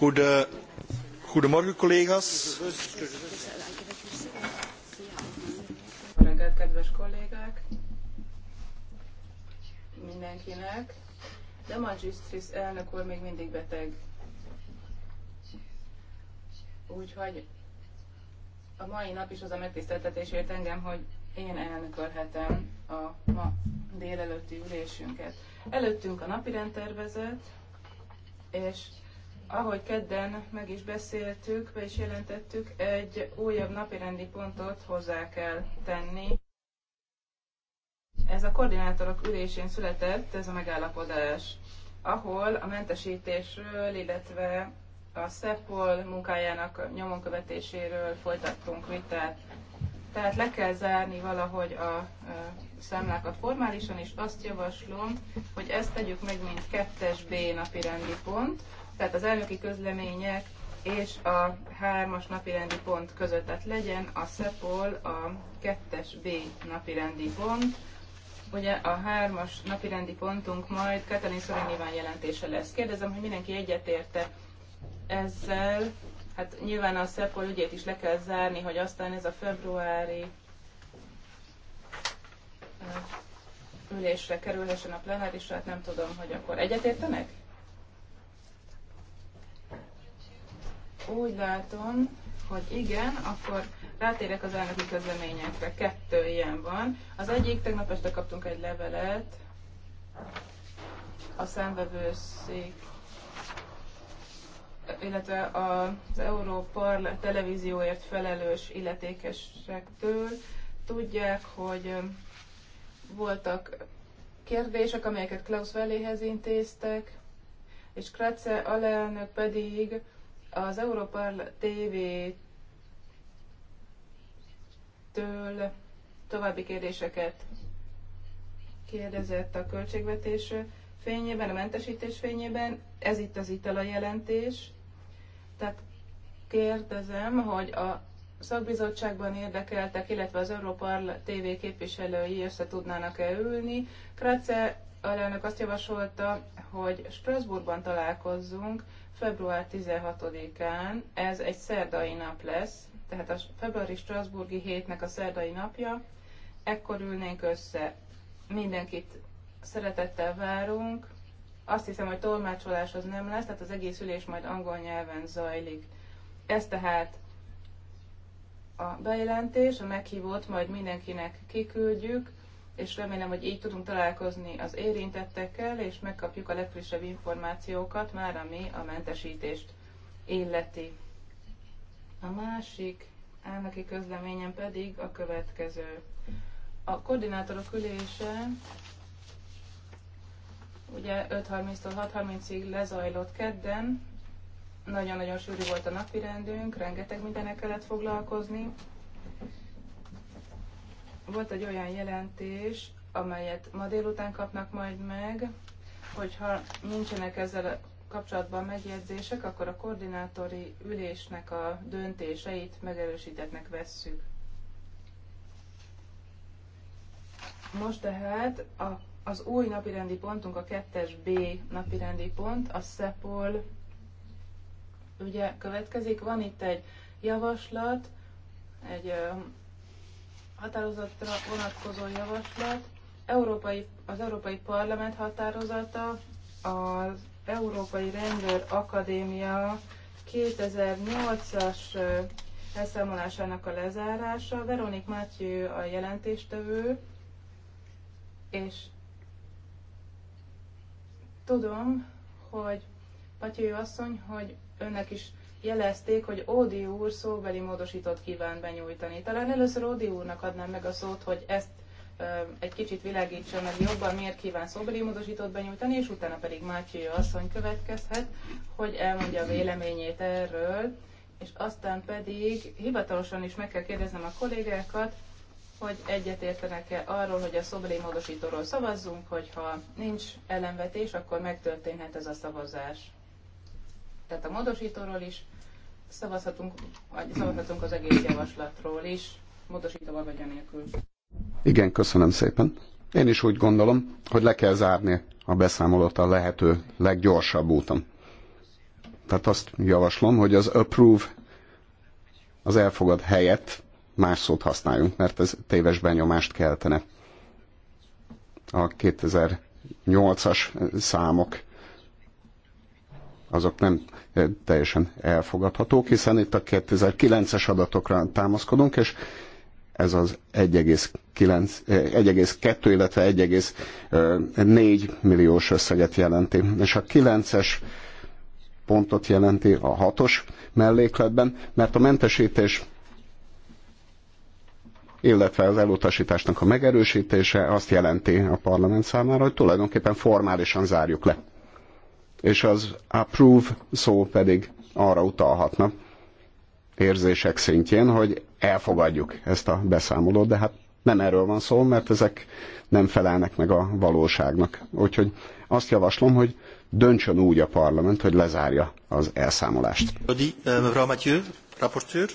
Goede, goedemorgen collega's. Jó kedves kollégák! Mindenkinek. De Magistris elnök úr még mindig beteg. Úgyhogy a mai nap is az a megtiszteltetés engem, hogy én elnökölhetem a ma délelőtti ülésünket. Előttünk a napirend tervezet, és ahogy kedden meg is beszéltük, be is jelentettük, egy újabb napirendi pontot hozzá kell tenni. Ez a koordinátorok ülésén született, ez a megállapodás, ahol a mentesítésről, illetve a SZEPOL munkájának nyomonkövetéséről folytattunk vitát. Tehát le kell zárni valahogy a számlákat formálisan, és azt javaslom, hogy ezt tegyük meg, mint 2-es B napi rendi pont, tehát az elnöki közlemények és a hármas napirendi pont között, tehát legyen a SEPOL a kettes B napirendi pont. Ugye a hármas napirendi pontunk majd Katalin Szorén jelentése lesz. Kérdezem, hogy mindenki egyetérte ezzel. Hát nyilván a SZEPOL ügyét is le kell zárni, hogy aztán ez a februári ülésre kerülhessen a plenárisra, hát nem tudom, hogy akkor egyetértenek? úgy látom, hogy igen, akkor rátérek az elnöki közleményekre. Kettő ilyen van. Az egyik, tegnap este kaptunk egy levelet a számvevőszék illetve az Európarl televízióért felelős illetékesektől tudják, hogy voltak kérdések, amelyeket Klaus Welléhez intéztek, és Kratze alelnök pedig az Európa TV-től további kérdéseket kérdezett a költségvetés fényében, a mentesítés fényében. Ez itt az jelentés, Tehát kérdezem, hogy a szakbizottságban érdekeltek, illetve az Európa TV képviselői össze tudnának-e ülni. Kratze alelnök azt javasolta, hogy Strasbourgban találkozzunk, február 16-án, ez egy szerdai nap lesz, tehát a februári Strasburgi hétnek a szerdai napja, ekkor ülnénk össze. Mindenkit szeretettel várunk. Azt hiszem, hogy tolmácsolás az nem lesz, tehát az egész ülés majd angol nyelven zajlik. Ez tehát a bejelentés, a meghívót majd mindenkinek kiküldjük és remélem, hogy így tudunk találkozni az érintettekkel, és megkapjuk a legfrissebb információkat már, ami a mentesítést illeti. A másik elnöki közleményem pedig a következő. A koordinátorok ülése ugye 5.30-tól 6.30-ig lezajlott kedden, nagyon-nagyon sűrű volt a rendünk, rengeteg mindenek kellett foglalkozni, volt egy olyan jelentés, amelyet ma délután kapnak majd meg, hogyha nincsenek ezzel kapcsolatban megjegyzések, akkor a koordinátori ülésnek a döntéseit megerősítetnek vesszük. Most tehát a, az új napirendi pontunk, a 2-es B napirendi pont, a SZEPOL ugye következik. Van itt egy javaslat, egy határozatra vonatkozó javaslat, Európai, az Európai Parlament határozata, az Európai Rendőr Akadémia 2008-as elszámolásának a lezárása, Veronik Mátyő a jelentéstevő, és tudom, hogy Mátyő asszony, hogy önnek is jelezték, hogy Ódi úr szóbeli módosítót kíván benyújtani. Talán először Ódi úrnak adnám meg a szót, hogy ezt egy kicsit világítsa meg jobban, miért kíván szóbeli módosítót benyújtani, és utána pedig Mátyi asszony következhet, hogy elmondja a véleményét erről, és aztán pedig hivatalosan is meg kell kérdeznem a kollégákat, hogy egyetértenek-e arról, hogy a szobeli módosítóról szavazzunk, hogyha nincs ellenvetés, akkor megtörténhet ez a szavazás. Tehát a módosítóról is, Szavazhatunk, vagy szavazhatunk az egész javaslatról is, módosítóval vagy anélkül. Igen, köszönöm szépen. Én is úgy gondolom, hogy le kell zárni a beszámolót a lehető leggyorsabb úton. Tehát azt javaslom, hogy az approve, az elfogad helyett más szót használjunk, mert ez téves benyomást keltene. A 2008-as számok azok nem eh, teljesen elfogadhatók, hiszen itt a 2009-es adatokra támaszkodunk, és ez az 1,2, eh, illetve 1,4 eh, milliós összeget jelenti. És a 9-es pontot jelenti a hatos mellékletben, mert a mentesítés illetve az elutasításnak a megerősítése azt jelenti a parlament számára, hogy tulajdonképpen formálisan zárjuk le és az approve szó pedig arra utalhatna érzések szintjén, hogy elfogadjuk ezt a beszámolót, de hát nem erről van szó, mert ezek nem felelnek meg a valóságnak. Úgyhogy azt javaslom, hogy döntsön úgy a parlament, hogy lezárja az elszámolást. Eh, mevrouw Mathieu, rapporteur.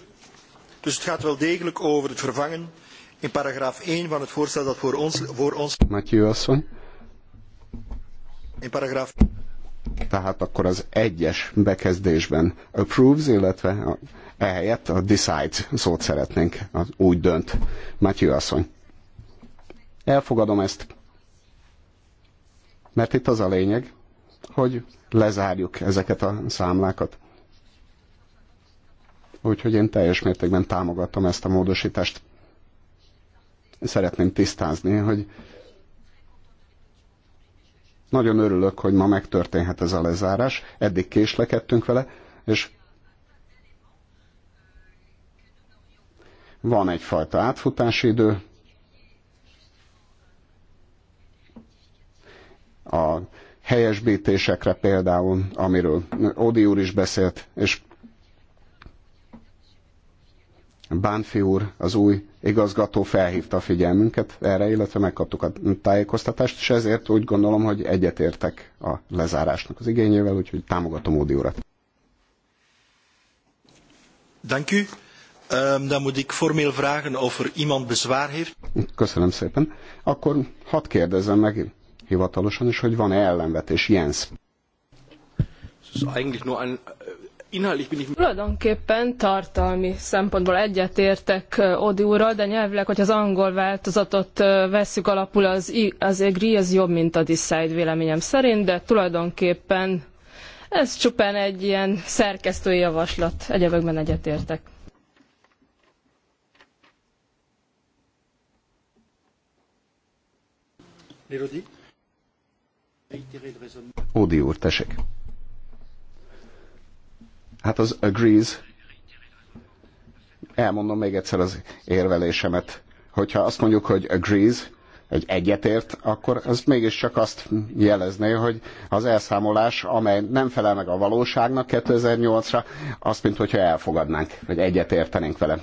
Dus het gaat wel degelijk over het vervangen in paragraaf 1 van het voorstel dat voor ons... Voor ons... Mathieu asszony. In paragraaf... Tehát akkor az egyes bekezdésben approves, illetve ehelyett a decide szót szeretnénk, az úgy dönt. Matthew asszony. Elfogadom ezt, mert itt az a lényeg, hogy lezárjuk ezeket a számlákat. Úgyhogy én teljes mértékben támogatom ezt a módosítást. Szeretném tisztázni, hogy nagyon örülök, hogy ma megtörténhet ez a lezárás. Eddig késlekedtünk vele, és van egyfajta átfutási idő. A helyesbítésekre például, amiről Odi úr is beszélt, és Bánfi úr, az új igazgató felhívta a figyelmünket erre, illetve megkaptuk a tájékoztatást, és ezért úgy gondolom, hogy egyetértek a lezárásnak az igényével, úgyhogy támogatom Ódi urat. Dank u. Ehm, dan moet ik formeel vragen of er iemand bezwaar heeft. Köszönöm szépen. Akkor hadd kérdezem meg hivatalosan is, hogy van-e ellenvetés, Jens? Ez is eigentlich nur een Tulajdonképpen tartalmi szempontból egyetértek Odi úrral, de nyelvileg, hogy az angol változatot vesszük alapul, az, I, az agree az jobb, mint a decide véleményem szerint, de tulajdonképpen ez csupán egy ilyen szerkesztői javaslat. Egyebekben egyetértek. Ódi úr, tessék. Hát az agrees, elmondom még egyszer az érvelésemet, hogyha azt mondjuk, hogy agrees, egy egyetért, akkor ez mégiscsak azt jelezné, hogy az elszámolás, amely nem felel meg a valóságnak 2008-ra, azt, mint hogyha elfogadnánk, vagy egyetértenénk vele.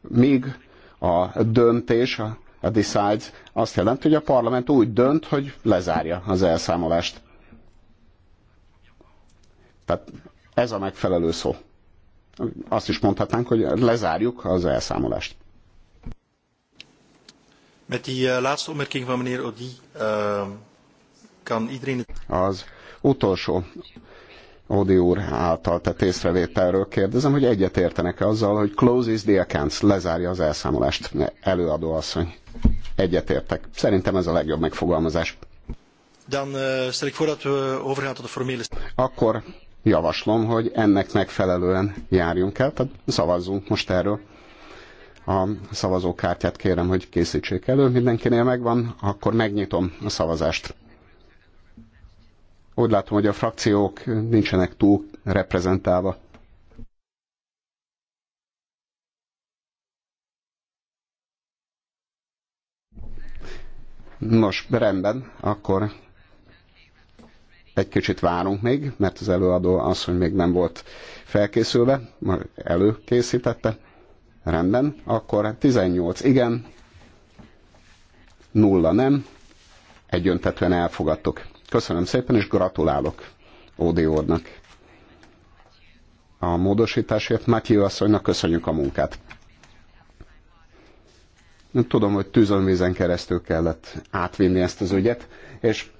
Míg a döntés, a, a azt jelenti, hogy a parlament úgy dönt, hogy lezárja az elszámolást. Tehát ez a megfelelő szó. Azt is mondhatnánk, hogy lezárjuk az elszámolást. Met die eh, laatste opmerking van meneer Odi eh, kan iedereen... Az utolsó Odi úr által tett észrevételről kérdezem, hogy egyet értenek-e azzal, hogy closes the accounts, lezárja az elszámolást, előadó asszony. Egyetértek. Szerintem ez a legjobb megfogalmazás. Dan uh, stel ik voor dat we overgaan tot de formele... Akkor javaslom, hogy ennek megfelelően járjunk el, tehát szavazzunk most erről. A szavazókártyát kérem, hogy készítsék elő, mindenkinél megvan, akkor megnyitom a szavazást. Úgy látom, hogy a frakciók nincsenek túl reprezentálva. Nos, rendben, akkor egy kicsit várunk még, mert az előadó hogy még nem volt felkészülve, előkészítette. Rendben, akkor 18 igen, nulla nem, egyöntetően elfogadtuk. Köszönöm szépen, és gratulálok Ódi Ordnak. A módosításért Matthew asszonynak köszönjük a munkát. Tudom, hogy tűzönvízen keresztül kellett átvinni ezt az ügyet, és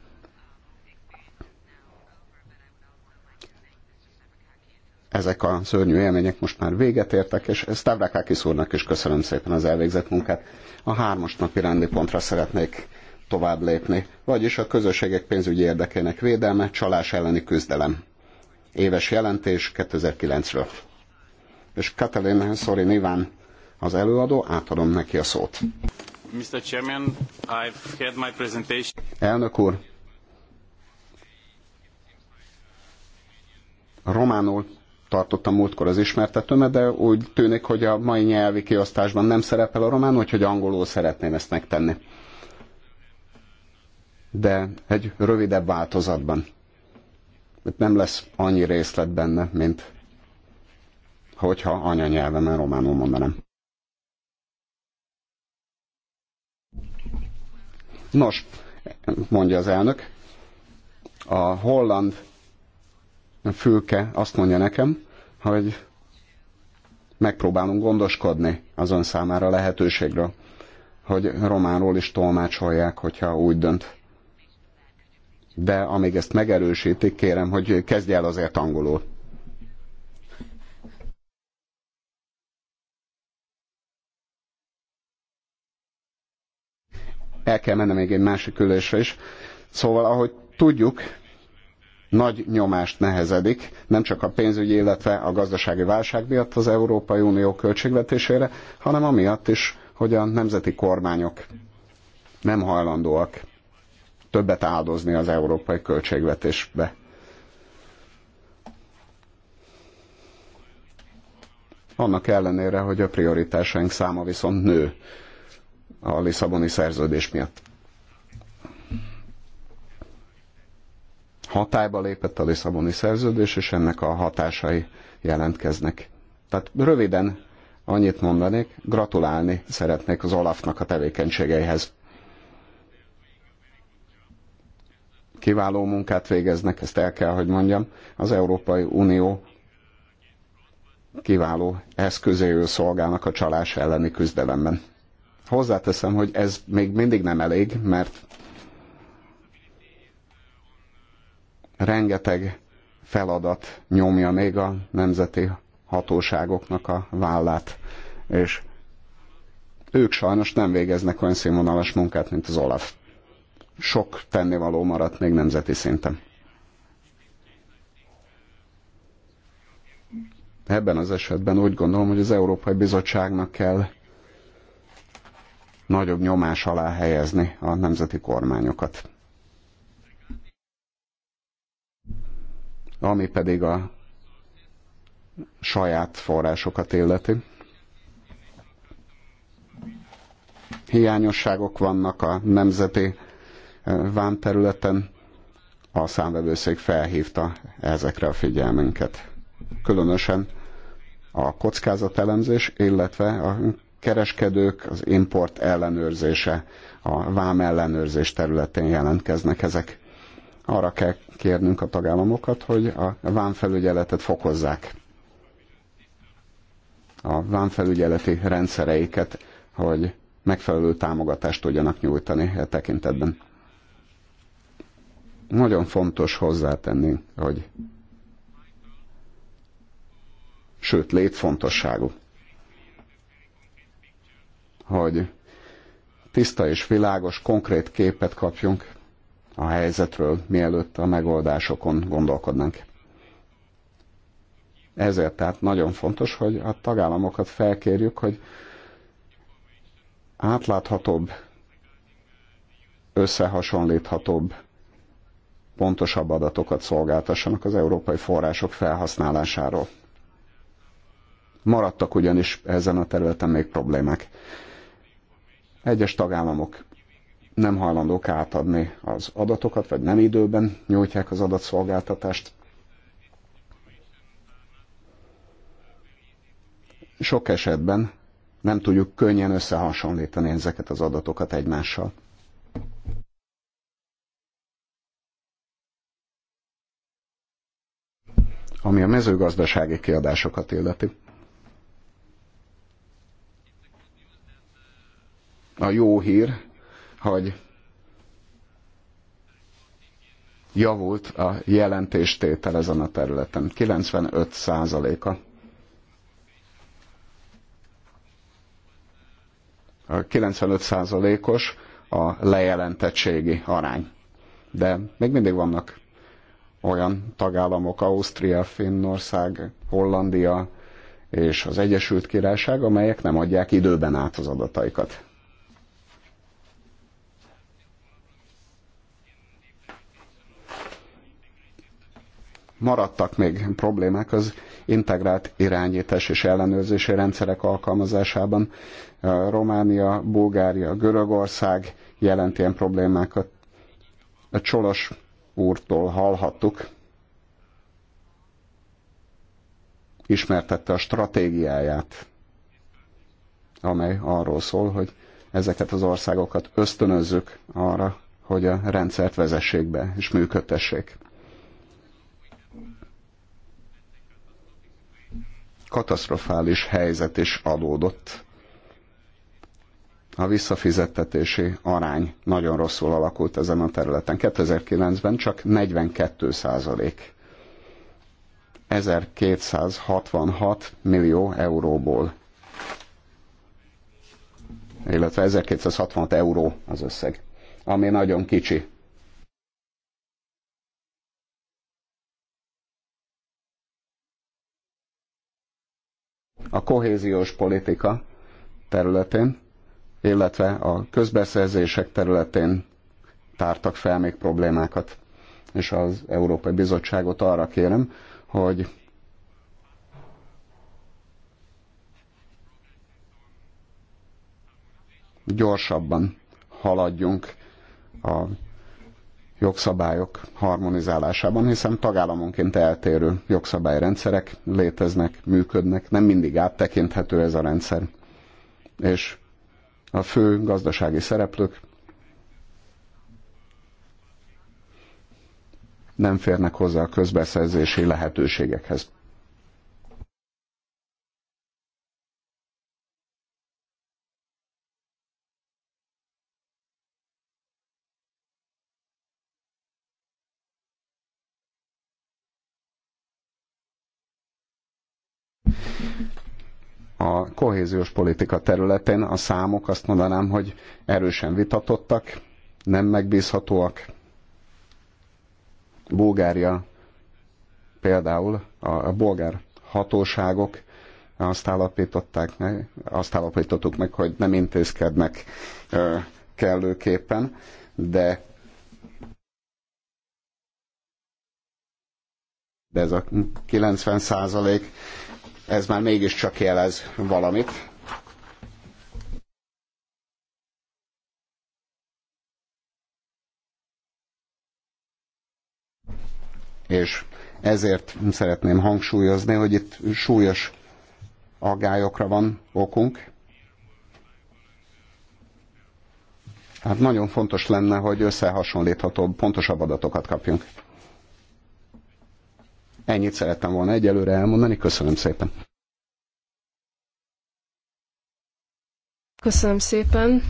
ezek a szörnyű élmények most már véget értek, és Stavrakakis úrnak is köszönöm szépen az elvégzett munkát. A hármas napi rendi pontra szeretnék tovább lépni, vagyis a közösségek pénzügyi érdekének védelme, csalás elleni küzdelem. Éves jelentés 2009-ről. És Katalin Szorin Iván az előadó, átadom neki a szót. Mr. Chairman, I've had my presentation. Elnök úr, románul tartottam múltkor az ismertetőmet, de úgy tűnik, hogy a mai nyelvi kiosztásban nem szerepel a román, úgyhogy angolul szeretném ezt megtenni. De egy rövidebb változatban. Itt nem lesz annyi részlet benne, mint hogyha anyanyelvemen románul mondanám. Nos, mondja az elnök, a holland fülke azt mondja nekem, hogy megpróbálunk gondoskodni azon számára lehetőségről, hogy románról is tolmácsolják, hogyha úgy dönt. De amíg ezt megerősítik, kérem, hogy kezdj el azért angolul. El kell mennem még egy másik ülésre is. Szóval, ahogy tudjuk, nagy nyomást nehezedik, nem csak a pénzügyi, illetve a gazdasági válság miatt az Európai Unió költségvetésére, hanem amiatt is, hogy a nemzeti kormányok nem hajlandóak többet áldozni az európai költségvetésbe. Annak ellenére, hogy a prioritásaink száma viszont nő a Lisszaboni szerződés miatt. hatályba lépett a Lisszaboni szerződés, és ennek a hatásai jelentkeznek. Tehát röviden annyit mondanék, gratulálni szeretnék az Olafnak a tevékenységeihez. Kiváló munkát végeznek, ezt el kell, hogy mondjam. Az Európai Unió kiváló eszközéül szolgálnak a csalás elleni küzdelemben. Hozzáteszem, hogy ez még mindig nem elég, mert rengeteg feladat nyomja még a nemzeti hatóságoknak a vállát, és ők sajnos nem végeznek olyan színvonalas munkát, mint az OLAF. Sok tennivaló maradt még nemzeti szinten. Ebben az esetben úgy gondolom, hogy az Európai Bizottságnak kell nagyobb nyomás alá helyezni a nemzeti kormányokat. ami pedig a saját forrásokat illeti. Hiányosságok vannak a nemzeti vámterületen, a számvevőszék felhívta ezekre a figyelmünket. Különösen a kockázatelemzés, illetve a kereskedők, az import ellenőrzése, a vám ellenőrzés területén jelentkeznek ezek arra kell kérnünk a tagállamokat, hogy a vámfelügyeletet fokozzák. A vámfelügyeleti rendszereiket, hogy megfelelő támogatást tudjanak nyújtani e tekintetben. Nagyon fontos hozzátenni, hogy sőt létfontosságú, hogy tiszta és világos, konkrét képet kapjunk a helyzetről, mielőtt a megoldásokon gondolkodnánk. Ezért tehát nagyon fontos, hogy a tagállamokat felkérjük, hogy átláthatóbb, összehasonlíthatóbb, pontosabb adatokat szolgáltassanak az európai források felhasználásáról. Maradtak ugyanis ezen a területen még problémák. Egyes tagállamok nem hajlandók átadni az adatokat, vagy nem időben nyújtják az adatszolgáltatást. Sok esetben nem tudjuk könnyen összehasonlítani ezeket az adatokat egymással. Ami a mezőgazdasági kiadásokat illeti. A jó hír, hogy javult a jelentéstétel ezen a területen. 95 százaléka. A 95 százalékos a lejelentettségi arány. De még mindig vannak olyan tagállamok, Ausztria, Finnország, Hollandia és az Egyesült Királyság, amelyek nem adják időben át az adataikat. maradtak még problémák az integrált irányítás és ellenőrzési rendszerek alkalmazásában. Románia, Bulgária, Görögország jelent ilyen problémákat. A Csolos úrtól hallhattuk, ismertette a stratégiáját, amely arról szól, hogy ezeket az országokat ösztönözzük arra, hogy a rendszert vezessék be és működtessék katasztrofális helyzet is adódott. A visszafizettetési arány nagyon rosszul alakult ezen a területen. 2009-ben csak 42 százalék. 1266 millió euróból. Illetve 1266 euró az összeg, ami nagyon kicsi a kohéziós politika területén, illetve a közbeszerzések területén tártak fel még problémákat. És az Európai Bizottságot arra kérem, hogy gyorsabban haladjunk a jogszabályok harmonizálásában, hiszen tagállamonként eltérő jogszabályrendszerek léteznek, működnek, nem mindig áttekinthető ez a rendszer. És a fő gazdasági szereplők nem férnek hozzá a közbeszerzési lehetőségekhez. kohéziós politika területén a számok azt mondanám, hogy erősen vitatottak, nem megbízhatóak. Bulgária például, a, a bulgár hatóságok azt állapították meg, azt állapítottuk meg, hogy nem intézkednek ö, kellőképpen, de de ez a 90 százalék ez már mégiscsak jelez valamit. És ezért szeretném hangsúlyozni, hogy itt súlyos aggályokra van okunk. Hát nagyon fontos lenne, hogy összehasonlíthatóbb, pontosabb adatokat kapjunk. Ennyit szerettem volna egyelőre elmondani. Köszönöm szépen. Köszönöm szépen.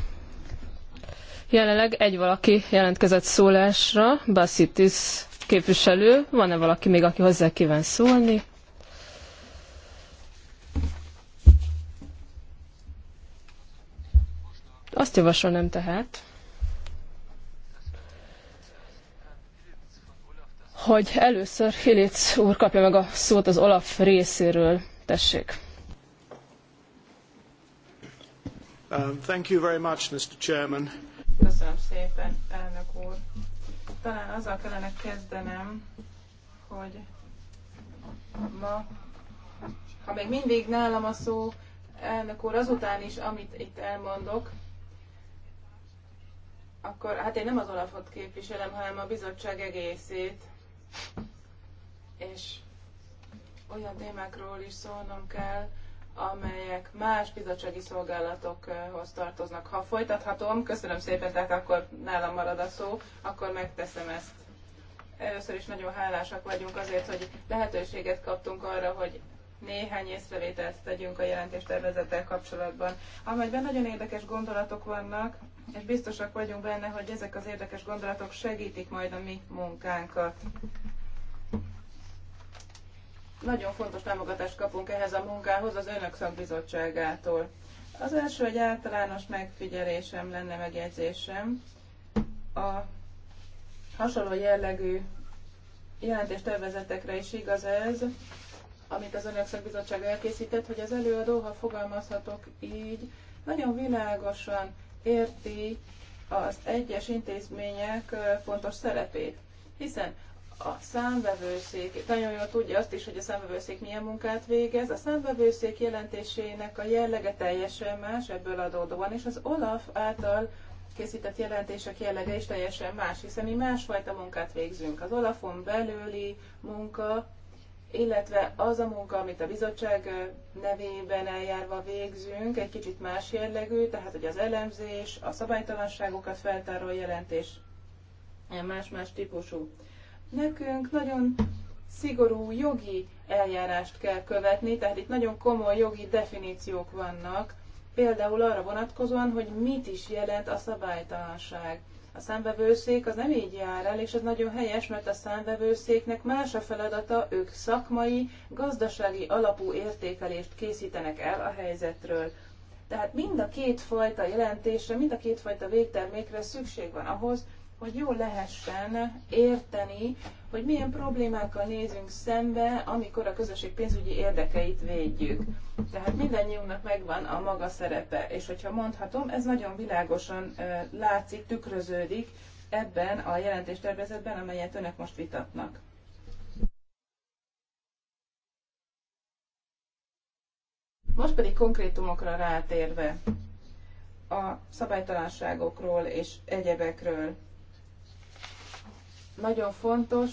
Jelenleg egy valaki jelentkezett szólásra, Bassitis képviselő. Van-e valaki még, aki hozzá kíván szólni? Azt javasolnám tehát, hogy először Filic úr kapja meg a szót az Olaf részéről. Tessék. Um, thank you very much, Mr. Chairman. Köszönöm szépen, elnök úr. Talán azzal kellene kezdenem, hogy ma, ha még mindig nálam a szó, elnök úr, azután is, amit itt elmondok, akkor hát én nem az Olafot képviselem, hanem a bizottság egészét és olyan témákról is szólnom kell, amelyek más bizottsági szolgálatokhoz tartoznak. Ha folytathatom, köszönöm szépen, tehát akkor nálam marad a szó, akkor megteszem ezt. Először is nagyon hálásak vagyunk azért, hogy lehetőséget kaptunk arra, hogy néhány észrevételt tegyünk a jelentéstervezettel kapcsolatban, amelyben nagyon érdekes gondolatok vannak, és biztosak vagyunk benne, hogy ezek az érdekes gondolatok segítik majd a mi munkánkat. Nagyon fontos támogatást kapunk ehhez a munkához az Önök szakbizottságától. Az első egy általános megfigyelésem lenne, megjegyzésem. A hasonló jellegű jelentéstervezetekre is igaz ez, amit az Önök Szakbizottság elkészített, hogy az előadó, ha fogalmazhatok így, nagyon világosan érti az egyes intézmények fontos szerepét. Hiszen a számvevőszék, nagyon jól tudja azt is, hogy a számvevőszék milyen munkát végez. A számvevőszék jelentésének a jellege teljesen más ebből adódóan, és az OLAF által készített jelentések jellege is teljesen más, hiszen mi másfajta munkát végzünk. Az Olafon belüli munka illetve az a munka, amit a bizottság nevében eljárva végzünk, egy kicsit más jellegű, tehát hogy az elemzés, a szabálytalanságokat feltáró jelentés, más-más típusú. Nekünk nagyon szigorú jogi eljárást kell követni, tehát itt nagyon komoly jogi definíciók vannak, például arra vonatkozóan, hogy mit is jelent a szabálytalanság a számvevőszék az nem így jár el, és ez nagyon helyes, mert a számvevőszéknek más a feladata, ők szakmai, gazdasági alapú értékelést készítenek el a helyzetről. Tehát mind a két fajta jelentésre, mind a két fajta végtermékre szükség van ahhoz, hogy jól lehessen érteni hogy milyen problémákkal nézünk szembe, amikor a közösség pénzügyi érdekeit védjük. Tehát mindannyiunknak megvan a maga szerepe, és hogyha mondhatom, ez nagyon világosan látszik, tükröződik ebben a jelentéstervezetben, amelyet önök most vitatnak. Most pedig konkrétumokra rátérve a szabálytalanságokról és egyebekről nagyon fontos,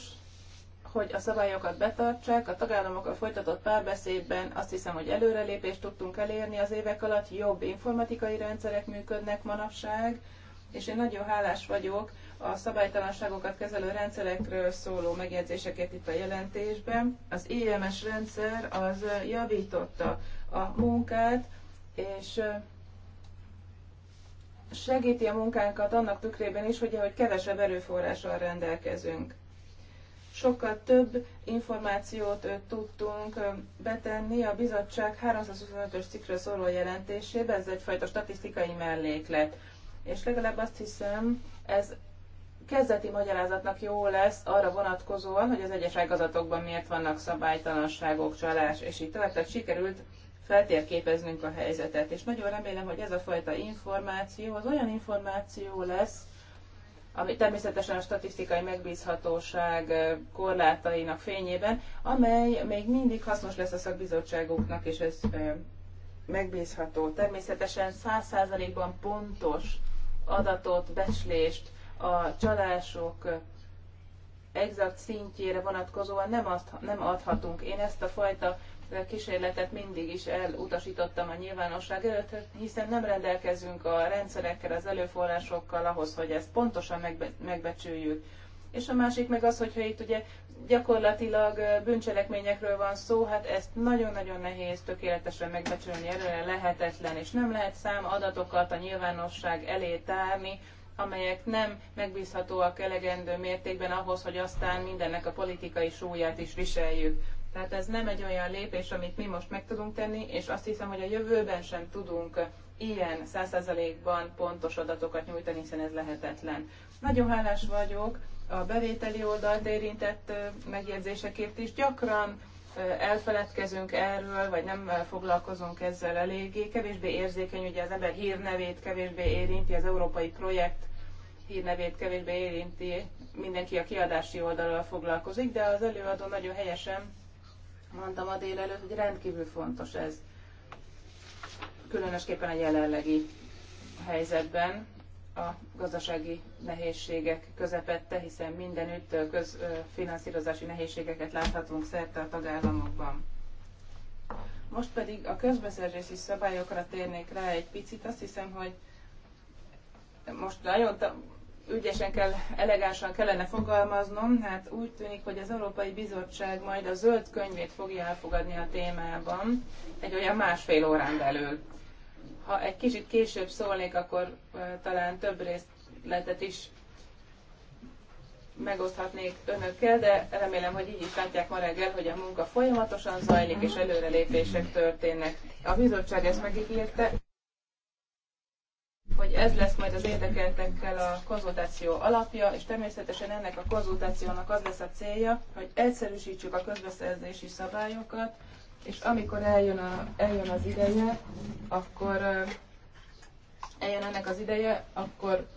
hogy a szabályokat betartsák. A tagállamokkal folytatott párbeszédben azt hiszem, hogy előrelépést tudtunk elérni az évek alatt. Jobb informatikai rendszerek működnek manapság, és én nagyon hálás vagyok a szabálytalanságokat kezelő rendszerekről szóló megjegyzéseket itt a jelentésben. Az IMS rendszer az javította a munkát, és segíti a munkánkat annak tükrében is, hogy ahogy kevesebb erőforrással rendelkezünk. Sokkal több információt tudtunk betenni a bizottság 325-ös cikkről szóló jelentésébe, ez egyfajta statisztikai melléklet. És legalább azt hiszem, ez kezdeti magyarázatnak jó lesz arra vonatkozóan, hogy az egyes ágazatokban miért vannak szabálytalanságok, csalás, és így tovább. Tehát sikerült feltérképeznünk a helyzetet. És nagyon remélem, hogy ez a fajta információ az olyan információ lesz, ami természetesen a statisztikai megbízhatóság eh, korlátainak fényében, amely még mindig hasznos lesz a szakbizottságoknak, és ez eh, megbízható. Természetesen száz százalékban pontos adatot, becslést a csalások eh, exakt szintjére vonatkozóan nem, azt, nem adhatunk. Én ezt a fajta kísérletet mindig is elutasítottam a nyilvánosság előtt, hiszen nem rendelkezünk a rendszerekkel, az előforrásokkal ahhoz, hogy ezt pontosan megbe- megbecsüljük. És a másik meg az, hogyha itt ugye gyakorlatilag bűncselekményekről van szó, hát ezt nagyon-nagyon nehéz tökéletesen megbecsülni előre, lehetetlen, és nem lehet szám adatokat a nyilvánosság elé tárni, amelyek nem megbízhatóak elegendő mértékben ahhoz, hogy aztán mindennek a politikai súlyát is viseljük. Tehát ez nem egy olyan lépés, amit mi most meg tudunk tenni, és azt hiszem, hogy a jövőben sem tudunk ilyen százszerzalékban pontos adatokat nyújtani, hiszen ez lehetetlen. Nagyon hálás vagyok a bevételi oldalt érintett megjegyzésekért is. Gyakran elfeledkezünk erről, vagy nem foglalkozunk ezzel eléggé, kevésbé érzékeny, ugye az ember hírnevét kevésbé érinti, az európai projekt hírnevét kevésbé érinti, mindenki a kiadási oldalról foglalkozik, de az előadó nagyon helyesen mondtam a délelőtt, hogy rendkívül fontos ez, különösképpen a jelenlegi helyzetben, a gazdasági nehézségek közepette, hiszen mindenütt közfinanszírozási nehézségeket láthatunk szerte a tagállamokban. Most pedig a közbeszerzési szabályokra térnék rá egy picit. Azt hiszem, hogy most nagyon ügyesen kell, elegánsan kellene fogalmaznom, hát úgy tűnik, hogy az Európai Bizottság majd a zöld könyvét fogja elfogadni a témában egy olyan másfél órán belül. Ha egy kicsit később szólnék, akkor talán több részletet is megoszthatnék önökkel, de remélem, hogy így is látják ma reggel, hogy a munka folyamatosan zajlik, és előrelépések történnek. A bizottság ezt megígérte hogy ez lesz majd az érdekeltekkel a konzultáció alapja, és természetesen ennek a konzultációnak az lesz a célja, hogy egyszerűsítsük a közbeszerzési szabályokat, és amikor eljön, a, eljön az ideje, akkor eljön ennek az ideje, akkor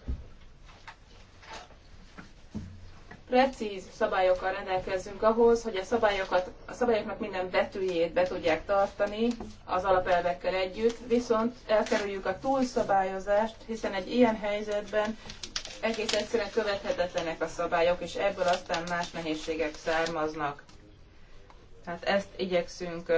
precíz szabályokkal rendelkezzünk ahhoz, hogy a, szabályokat, a szabályoknak minden betűjét be tudják tartani az alapelvekkel együtt, viszont elkerüljük a túlszabályozást, hiszen egy ilyen helyzetben egész egyszerűen követhetetlenek a szabályok, és ebből aztán más nehézségek származnak. Hát ezt igyekszünk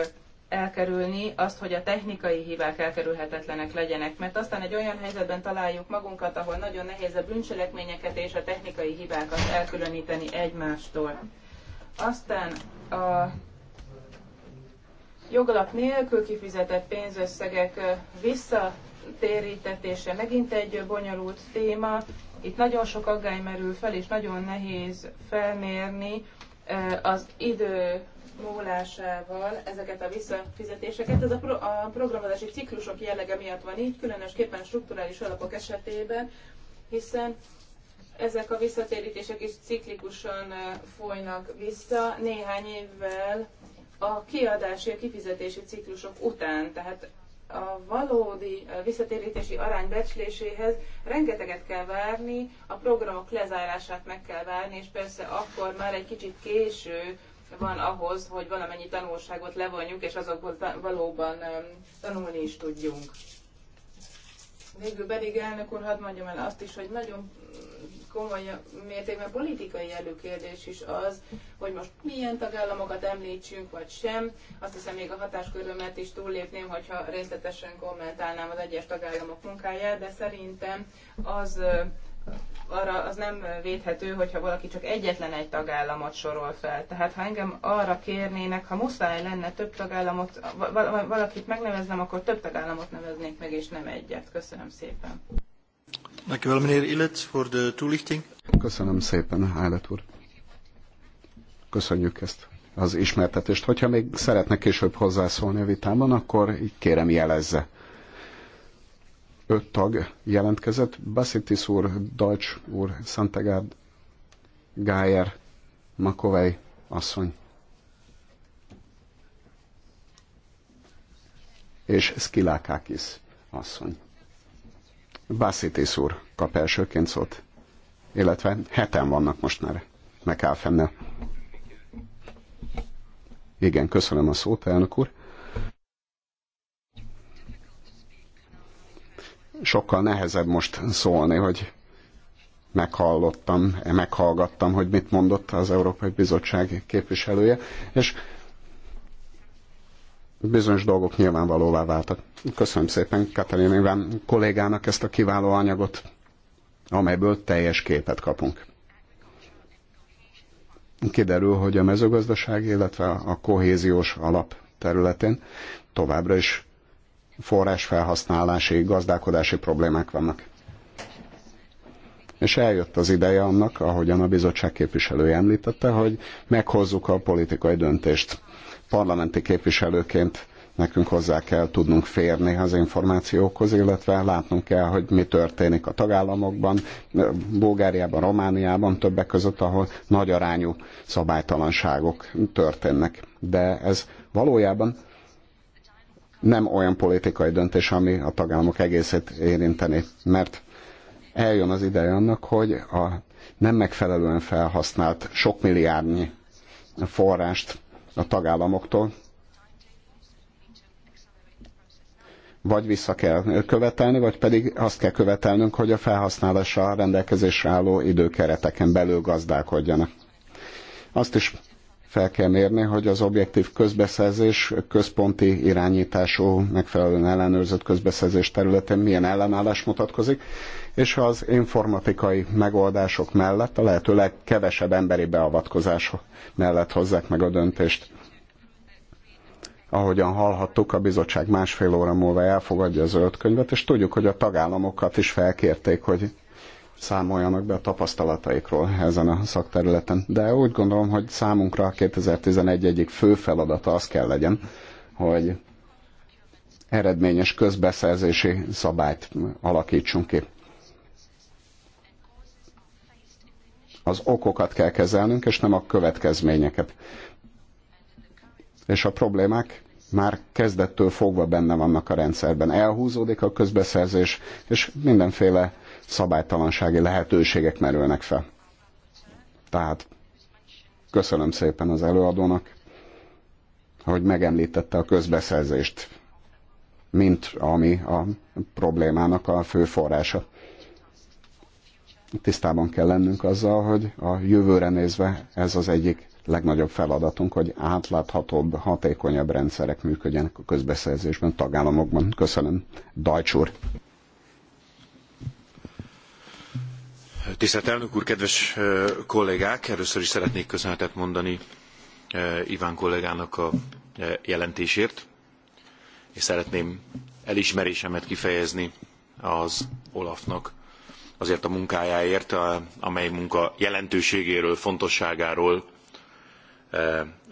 elkerülni azt, hogy a technikai hibák elkerülhetetlenek legyenek, mert aztán egy olyan helyzetben találjuk magunkat, ahol nagyon nehéz a bűncselekményeket és a technikai hibákat elkülöníteni egymástól. Aztán a jogalap nélkül kifizetett pénzösszegek visszatérítetése megint egy bonyolult téma. Itt nagyon sok aggály merül fel, és nagyon nehéz felmérni eh, az idő múlásával ezeket a visszafizetéseket. Ez a, pro, a programozási ciklusok jellege miatt van így, különösképpen strukturális alapok esetében, hiszen ezek a visszatérítések is ciklikusan folynak vissza néhány évvel a kiadási, a kifizetési ciklusok után. Tehát a valódi visszatérítési arány becsléséhez rengeteget kell várni, a programok lezárását meg kell várni, és persze akkor már egy kicsit késő van ahhoz, hogy valamennyi tanulságot levonjuk, és azokból valóban tanulni is tudjunk. Végül pedig elnök úr, hadd mondjam el azt is, hogy nagyon komoly mértékben politikai előkérdés is az, hogy most milyen tagállamokat említsünk, vagy sem. Azt hiszem még a hatáskörömet is túllépném, hogyha részletesen kommentálnám az egyes tagállamok munkáját, de szerintem az arra az nem védhető, hogyha valaki csak egyetlen egy tagállamot sorol fel. Tehát ha engem arra kérnének, ha muszáj lenne több tagállamot, valakit megneveznem, akkor több tagállamot neveznék meg, és nem egyet. Köszönöm szépen. Illet, Köszönöm szépen, Állat úr. Köszönjük ezt az ismertetést. Hogyha még szeretne később hozzászólni a vitában, akkor így kérem jelezze öt tag jelentkezett, Basitis úr, Dajcs úr, Szentegárd, Gájer, Makovej asszony. És Skilákákis, asszony. Basitis úr kap elsőként szót, illetve heten vannak most már, meg kell fennel. Igen, köszönöm a szót, elnök úr. sokkal nehezebb most szólni, hogy meghallottam, meghallgattam, hogy mit mondott az Európai Bizottság képviselője, és bizonyos dolgok nyilvánvalóvá váltak. Köszönöm szépen Katalin Iván kollégának ezt a kiváló anyagot, amelyből teljes képet kapunk. Kiderül, hogy a mezőgazdaság, illetve a kohéziós alap területén továbbra is forrásfelhasználási, gazdálkodási problémák vannak. És eljött az ideje annak, ahogyan a bizottság képviselője említette, hogy meghozzuk a politikai döntést. Parlamenti képviselőként nekünk hozzá kell tudnunk férni az információkhoz, illetve látnunk kell, hogy mi történik a tagállamokban, Bulgáriában, Romániában, többek között, ahol nagy arányú szabálytalanságok történnek. De ez valójában nem olyan politikai döntés, ami a tagállamok egészét érinteni, mert eljön az ideje annak, hogy a nem megfelelően felhasznált sok milliárdnyi forrást a tagállamoktól vagy vissza kell követelni, vagy pedig azt kell követelnünk, hogy a felhasználással rendelkezésre álló időkereteken belül gazdálkodjanak. Azt is fel kell mérni, hogy az objektív közbeszerzés központi irányítású, megfelelően ellenőrzött közbeszerzés területén milyen ellenállás mutatkozik, és az informatikai megoldások mellett a lehető legkevesebb emberi beavatkozás mellett hozzák meg a döntést. Ahogyan hallhattuk, a bizottság másfél óra múlva elfogadja a zöld könyvet, és tudjuk, hogy a tagállamokat is felkérték, hogy számoljanak be a tapasztalataikról ezen a szakterületen. De úgy gondolom, hogy számunkra a 2011 egyik fő feladata az kell legyen, hogy eredményes közbeszerzési szabályt alakítsunk ki. Az okokat kell kezelnünk, és nem a következményeket. És a problémák már kezdettől fogva benne vannak a rendszerben. Elhúzódik a közbeszerzés, és mindenféle szabálytalansági lehetőségek merülnek fel. Tehát köszönöm szépen az előadónak, hogy megemlítette a közbeszerzést, mint ami a problémának a fő forrása. Tisztában kell lennünk azzal, hogy a jövőre nézve ez az egyik legnagyobb feladatunk, hogy átláthatóbb, hatékonyabb rendszerek működjenek a közbeszerzésben, tagállamokban. Köszönöm. Dajcsúr! Tisztelt elnök úr, kedves kollégák! Először is szeretnék köszönetet mondani Iván kollégának a jelentésért, és szeretném elismerésemet kifejezni az Olafnak azért a munkájáért, amely munka jelentőségéről, fontosságáról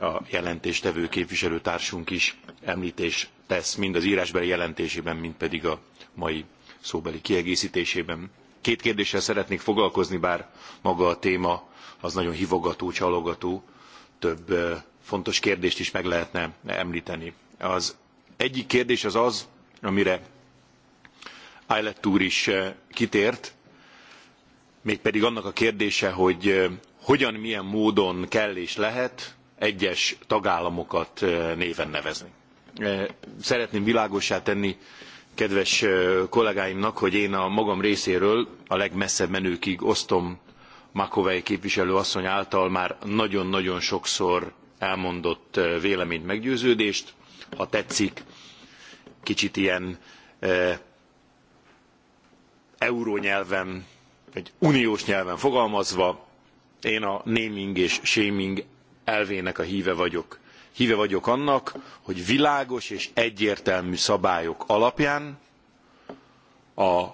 a jelentéstevő képviselőtársunk is emltést tesz, mind az rásbeli jelentésében, mind pedig a mai szóbeli kiegésztésében. Két kérdéssel szeretnék foglalkozni, bár maga a téma az nagyon hivogató, csalogató, több fontos kérdést is meg lehetne említeni. Az egyik kérdés az az, amire Eilert úr is kitért, mégpedig annak a kérdése, hogy hogyan, milyen módon kell és lehet egyes tagállamokat néven nevezni. Szeretném világossá tenni kedves kollégáimnak, hogy én a magam részéről a legmesszebb menőkig osztom Makovej képviselő asszony által már nagyon-nagyon sokszor elmondott véleményt, meggyőződést. Ha tetszik, kicsit ilyen e, eurónyelven, vagy uniós nyelven fogalmazva, én a naming és shaming elvének a híve vagyok híve vagyok annak, hogy világos és egyértelmű szabályok alapján a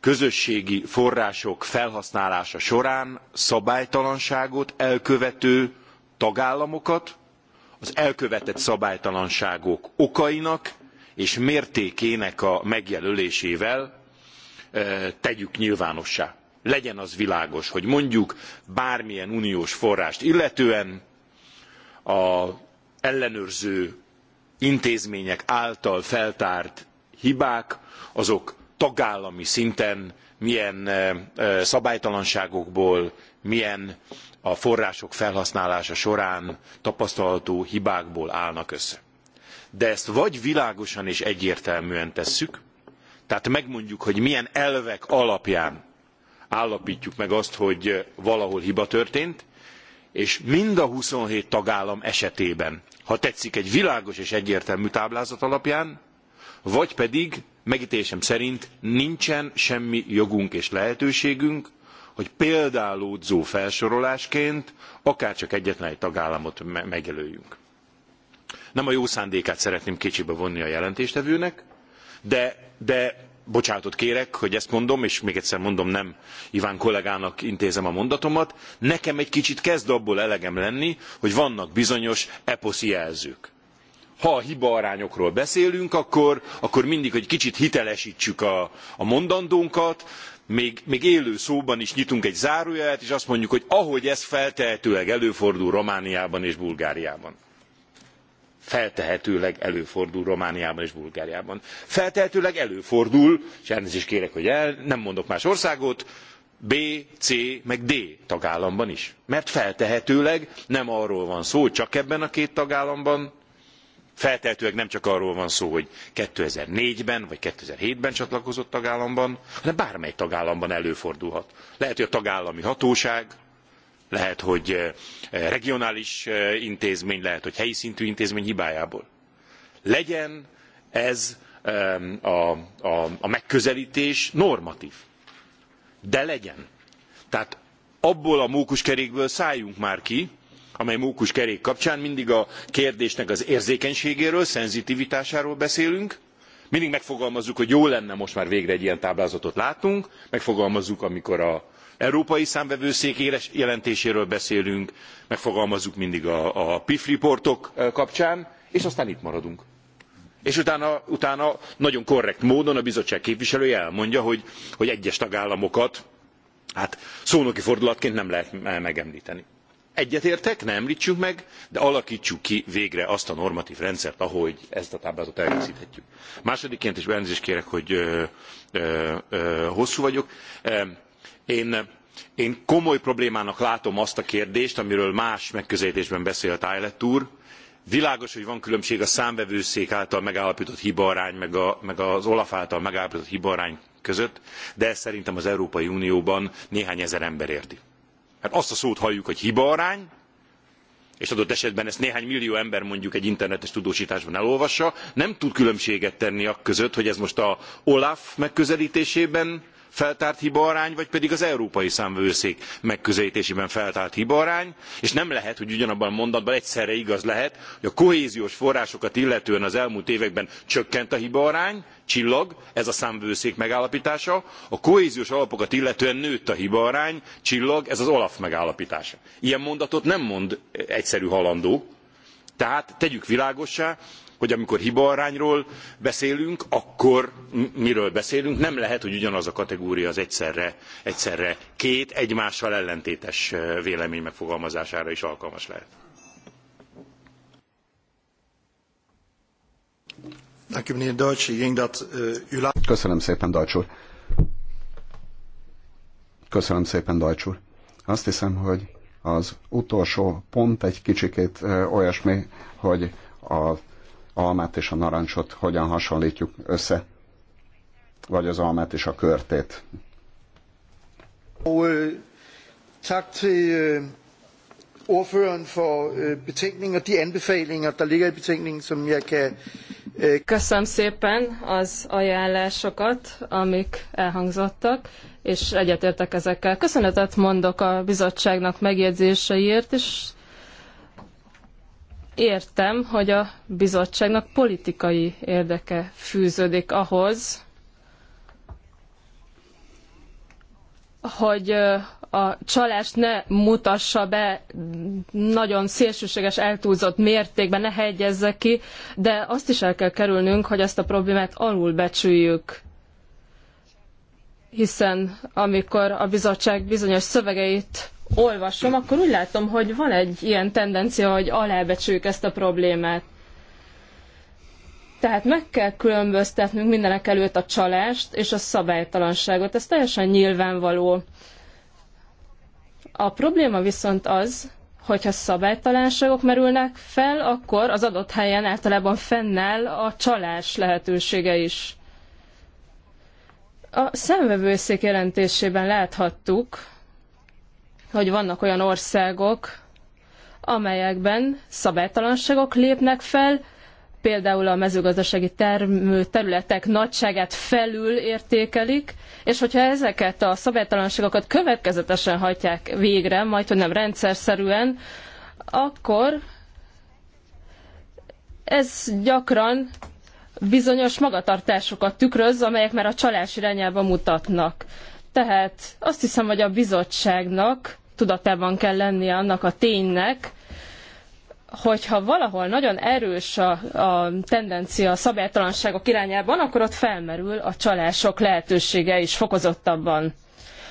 közösségi források felhasználása során szabálytalanságot elkövető tagállamokat az elkövetett szabálytalanságok okainak és mértékének a megjelölésével e, tegyük nyilvánossá. Legyen az világos, hogy mondjuk bármilyen uniós forrást illetően a ellenőrző intézmények által feltárt hibák azok tagállami szinten milyen eh, eh, szabálytalanságokból milyen a források felhasználása során tapasztalható hibákból állnak össze. de ezt vagy világosan és egyértelműen tesszük tehát megmondjuk hogy milyen elvek alapján állaptjuk meg azt hogy valahol hiba történt és mind a twenty seven tagállam esetében ha tetszik, egy világos és egyértelmű táblázat alapján, vagy pedig megítésem szerint nincsen semmi jogunk és lehetőségünk, hogy példálódzó felsorolásként akárcsak egyetlen egy tagállamot megjelöljünk. Nem a jó szándékát szeretném kétségbe vonni a jelentéstevőnek, de, de bocsánatot kérek, hogy ezt mondom, és még egyszer mondom, nem Iván kollégának intézem a mondatomat, nekem egy kicsit kezd abból elegem lenni, hogy vannak bizonyos eposzi jelzők. Ha a hibaarányokról beszélünk, akkor, akkor mindig, hogy kicsit hitelesítsük a, a mondandónkat, még, még élő szóban is nyitunk egy zárójelet, és azt mondjuk, hogy ahogy ez feltehetőleg előfordul Romániában és Bulgáriában feltehetőleg előfordul romániában és bulgáriában. feltehetőleg előfordul és elnézést kérek hogy el, nem mondok más országot b c meg d tagállamban is mert feltehetőleg nem arról van szó hogy csak ebben a két tagállamban feltehetőleg nem csak arról van szó hogy two thousand and four ben vagy two thousand and seven ben csatlakozott tagállamban hanem bármely tagállamban előfordulhat. lehet hogy a tagállami hatóság lehet, hogy eh, regionális eh, intézmény, lehet, hogy helyi szintű intézmény hibájából. Legyen ez a, a, a megközelítés normatív. De legyen. Tehát abból a mókuskerékből szálljunk már ki, amely mókuskerék kapcsán mindig a kérdésnek az érzékenységéről, szenzitivitásáról beszélünk, mindig megfogalmazzuk, hogy jó lenne most már végre egy ilyen táblázatot látunk, megfogalmazzuk, amikor a európai számvevőszék éles jelentéséről beszélünk megfogalmazzuk mindig a, a pif riportok eh, kapcsán és aztán itt maradunk és utána, utána nagyon korrekt módon a bizottság képviselője elmondja hogy, hogy egyes tagállamokat hát szónoki fordulatként nem lehet megemlteni. egyetértek ne emltsünk meg de alaktsuk ki végre azt a normatv rendszert ahogy ezt a táblázatot elkészthetjük. másodikként és elnézést kérek hogy ö, ö, ö, hosszú vagyok én, komoly problémának látom azt a kérdést amiről más megközeltésben beszélt eilert úr világos hogy van különbség a számvevőszék által megállaptott hibaarány meg, az olaf által megállaptott hibaarány között de ezt szerintem az európai unióban néhány ezer ember érti. hát azt a szót halljuk hogy hibaarány és adott esetben ezt néhány millió ember mondjuk egy internetes tudóstásban elolvassa nem tud különbséget tenni aközött hogy ez most a olaf megközeltésében feltárt hibaarány, vagy pedig az európai számvevőszék megközeltésében feltárt hibaarány, és nem lehet, hogy ugyanabban a mondatban egyszerre igaz lehet, hogy a kohéziós forrásokat illetően az elmúlt években csökkent a hibaarány, csillag, ez a számvevőszék megállapítása, a kohéziós alapokat illetően nőtt a hibaarány, csillag, ez az Olaf megállapítása. Ilyen mondatot nem mond egyszerű halandó, tehát tegyük világossá, hogy amikor hibaarányról beszélünk akkor miről beszélünk nem lehet hogy ugyanaz a kategória az egyszerre, egyszerre két egymással ellentétes vélemény megfogalmazására is alkalmas lehet. Köszönöm szépen, Deutsch Köszönöm szépen, Deutsch Azt hiszem, hogy az utolsó pont egy kicsikét olyasmi, hogy a almát és a narancsot hogyan hasonlítjuk össze, vagy az almát és a körtét. Øh, tak til øh, ordføreren for øh, betænkningen og de anbefalinger, der ligger i betænkningen, som jeg kan... Köszönöm szépen az ajánlásokat, amik elhangzottak, és egyetértek ezekkel. Köszönetet mondok a bizottságnak megjegyzéseiért, és Értem, hogy a bizottságnak politikai érdeke fűződik ahhoz, hogy a csalást ne mutassa be nagyon szélsőséges, eltúlzott mértékben, ne hegyezze ki, de azt is el kell kerülnünk, hogy ezt a problémát alulbecsüljük. Hiszen amikor a bizottság bizonyos szövegeit olvasom, akkor úgy látom, hogy van egy ilyen tendencia, hogy alábecsüljük ezt a problémát. Tehát meg kell különböztetnünk mindenek előtt a csalást és a szabálytalanságot. Ez teljesen nyilvánvaló. A probléma viszont az, hogyha szabálytalanságok merülnek fel, akkor az adott helyen általában fennáll a csalás lehetősége is. A szemvevőszék jelentésében láthattuk, hogy vannak olyan országok, amelyekben szabálytalanságok lépnek fel, például a mezőgazdasági termő területek nagyságát felül értékelik, és hogyha ezeket a szabálytalanságokat következetesen hajtják végre, majd hogy nem rendszerszerűen, akkor ez gyakran bizonyos magatartásokat tükröz, amelyek már a csalás irányába mutatnak. Tehát azt hiszem, hogy a bizottságnak tudatában kell lennie annak a ténynek, hogyha valahol nagyon erős a, a tendencia a szabálytalanságok irányában, akkor ott felmerül a csalások lehetősége is fokozottabban.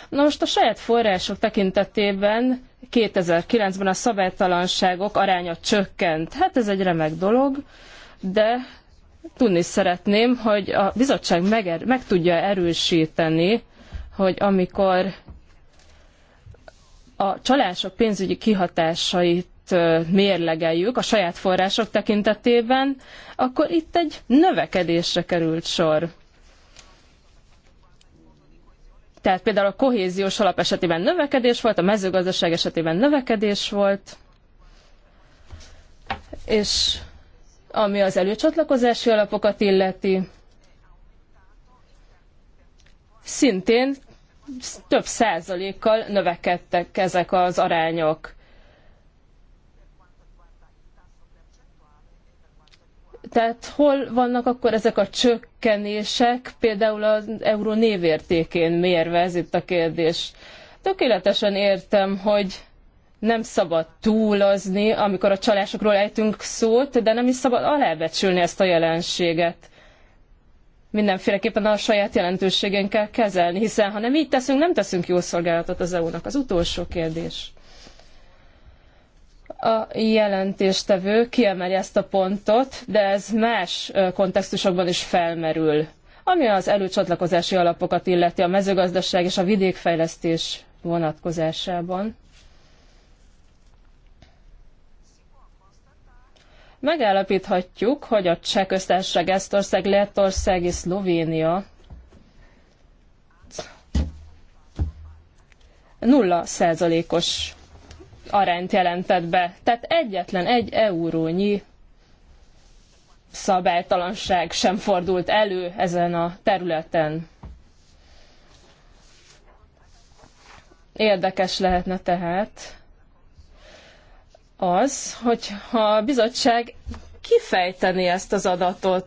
Na most a saját források tekintetében 2009-ben a szabálytalanságok aránya csökkent. Hát ez egy remek dolog, de tudni szeretném, hogy a bizottság meg, meg tudja erősíteni, hogy amikor a csalások pénzügyi kihatásait mérlegeljük a saját források tekintetében, akkor itt egy növekedésre került sor. Tehát például a kohéziós alap esetében növekedés volt, a mezőgazdaság esetében növekedés volt, és ami az előcsatlakozási alapokat illeti, szintén több százalékkal növekedtek ezek az arányok. Tehát hol vannak akkor ezek a csökkenések, például az euró névértékén mérve, ez itt a kérdés. Tökéletesen értem, hogy nem szabad túlozni, amikor a csalásokról ejtünk szót, de nem is szabad alábecsülni ezt a jelenséget mindenféleképpen a saját jelentőségén kell kezelni, hiszen ha nem így teszünk, nem teszünk jó szolgálatot az EU-nak. Az utolsó kérdés. A jelentéstevő kiemeli ezt a pontot, de ez más kontextusokban is felmerül. Ami az előcsatlakozási alapokat illeti a mezőgazdaság és a vidékfejlesztés vonatkozásában. megállapíthatjuk, hogy a Cseh köztársaság, Esztország, Lettország és Szlovénia nulla százalékos arányt jelentett be. Tehát egyetlen egy eurónyi szabálytalanság sem fordult elő ezen a területen. Érdekes lehetne tehát az, hogy a bizottság kifejteni ezt az adatot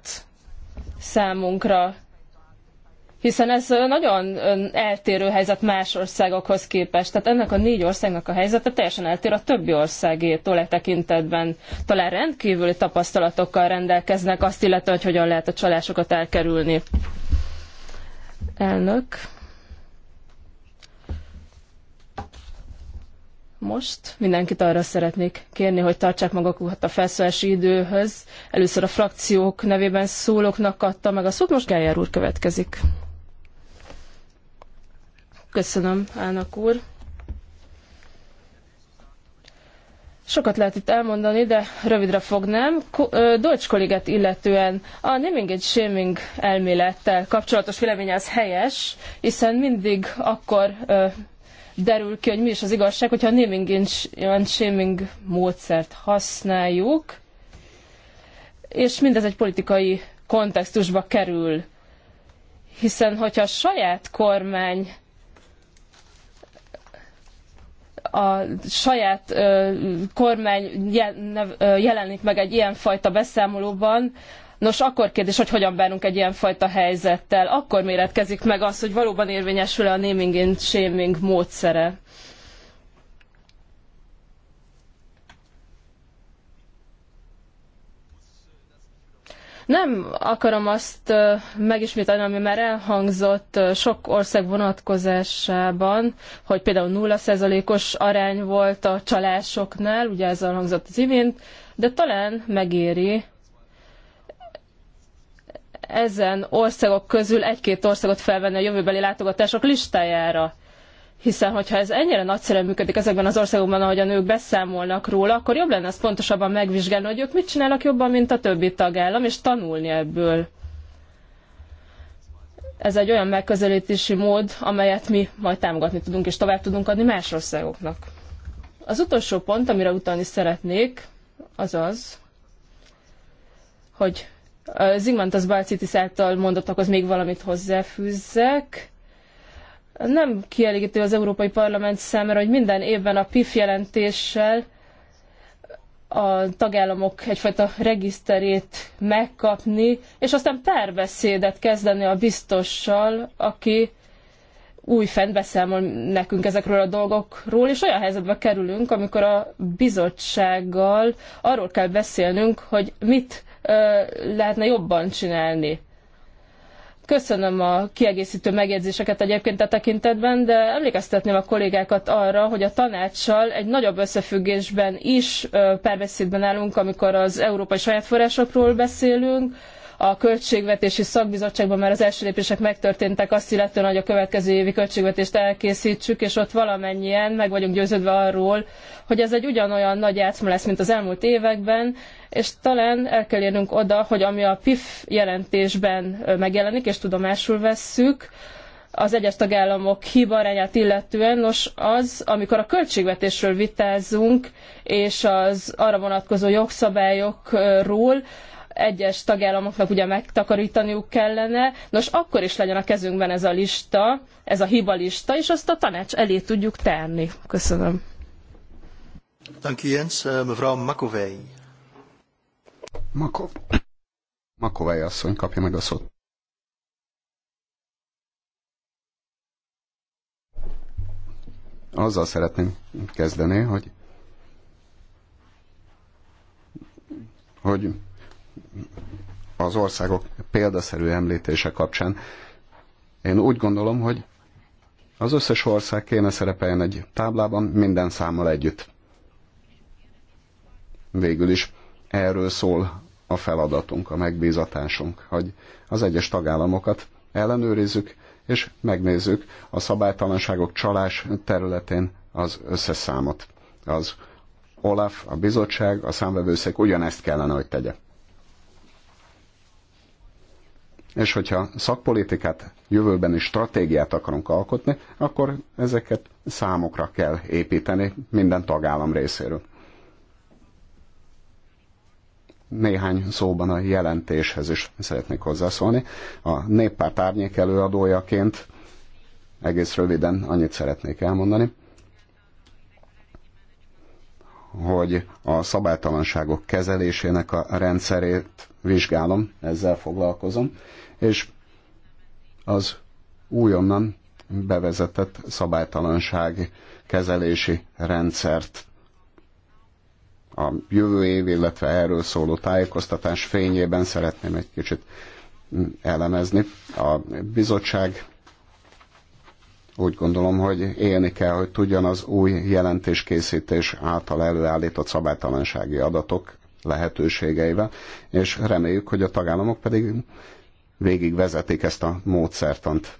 számunkra, hiszen ez nagyon eltérő helyzet más országokhoz képest. Tehát ennek a négy országnak a helyzete teljesen eltér a többi országétól e tekintetben. Talán rendkívüli tapasztalatokkal rendelkeznek azt illetve, hogy hogyan lehet a csalásokat elkerülni. Elnök. Most mindenkit arra szeretnék kérni, hogy tartsák magukat a felszólási időhöz. Először a frakciók nevében szólóknak adta meg a szót, most Gájár úr következik. Köszönöm, Álnak úr. Sokat lehet itt elmondani, de rövidre fognám. Dolcs kollégát illetően a naming and shaming elmélettel kapcsolatos vélemény az helyes, hiszen mindig akkor derül ki, hogy mi is az igazság, hogyha a naming and shaming módszert használjuk, és mindez egy politikai kontextusba kerül. Hiszen, hogyha a saját kormány a saját ö, kormány jel, nev, ö, jelenik meg egy ilyenfajta beszámolóban, Nos, akkor kérdés, hogy hogyan bánunk egy ilyenfajta helyzettel. Akkor méretkezik meg az, hogy valóban érvényesül-e a naming and shaming módszere. Nem akarom azt megismételni, ami már elhangzott sok ország vonatkozásában, hogy például 0%-os arány volt a csalásoknál, ugye ez elhangzott az imént, de talán megéri ezen országok közül egy-két országot felvenni a jövőbeli látogatások listájára. Hiszen, hogyha ez ennyire nagyszerűen működik ezekben az országokban, ahogy a nők beszámolnak róla, akkor jobb lenne ezt pontosabban megvizsgálni, hogy ők mit csinálnak jobban, mint a többi tagállam, és tanulni ebből. Ez egy olyan megközelítési mód, amelyet mi majd támogatni tudunk, és tovább tudunk adni más országoknak. Az utolsó pont, amire utalni szeretnék, az az, hogy az Balcitis által mondottakhoz még valamit hozzáfűzzek. Nem kielégítő az Európai Parlament számára, hogy minden évben a PIF jelentéssel a tagállamok egyfajta regiszterét megkapni, és aztán párbeszédet kezdeni a biztossal, aki fent beszámol nekünk ezekről a dolgokról, és olyan helyzetbe kerülünk, amikor a bizottsággal arról kell beszélnünk, hogy mit lehetne jobban csinálni. Köszönöm a kiegészítő megjegyzéseket egyébként a tekintetben, de emlékeztetném a kollégákat arra, hogy a tanácssal egy nagyobb összefüggésben is párbeszédben állunk, amikor az európai saját forrásokról beszélünk, a költségvetési szakbizottságban már az első lépések megtörténtek, azt illetően, hogy a következő évi költségvetést elkészítsük, és ott valamennyien meg vagyunk győződve arról, hogy ez egy ugyanolyan nagy játszma lesz, mint az elmúlt években, és talán el kell érnünk oda, hogy ami a PIF jelentésben megjelenik, és tudomásul vesszük, az egyes tagállamok hibarányát illetően, nos az, amikor a költségvetésről vitázunk, és az arra vonatkozó jogszabályokról, egyes tagállamoknak ugye megtakarítaniuk kellene. Nos, akkor is legyen a kezünkben ez a lista, ez a hiba lista, és azt a tanács elé tudjuk tenni. Köszönöm. Thank you, Jens. Eh, mevrouw Makovej. Makov... Makovej asszony kapja meg a szót. Azzal szeretném kezdeni, hogy hogy az országok példaszerű említése kapcsán. Én úgy gondolom, hogy az összes ország kéne szerepeljen egy táblában minden számmal együtt. Végül is erről szól a feladatunk, a megbízatásunk, hogy az egyes tagállamokat ellenőrizzük, és megnézzük a szabálytalanságok csalás területén az összes számot. Az OLAF, a bizottság, a számvevőszék ugyanezt kellene, hogy tegye. És hogyha szakpolitikát, jövőben is stratégiát akarunk alkotni, akkor ezeket számokra kell építeni minden tagállam részéről. Néhány szóban a jelentéshez is szeretnék hozzászólni. A néppárt árnyék előadójaként egész röviden annyit szeretnék elmondani, hogy a szabálytalanságok kezelésének a rendszerét vizsgálom, ezzel foglalkozom, és az újonnan bevezetett szabálytalanság kezelési rendszert a jövő év, illetve erről szóló tájékoztatás fényében szeretném egy kicsit elemezni. A bizottság úgy gondolom, hogy élni kell, hogy tudjon az új jelentéskészítés által előállított szabálytalansági adatok lehetőségeivel, és reméljük, hogy a tagállamok pedig végig vezetik ezt a módszertant,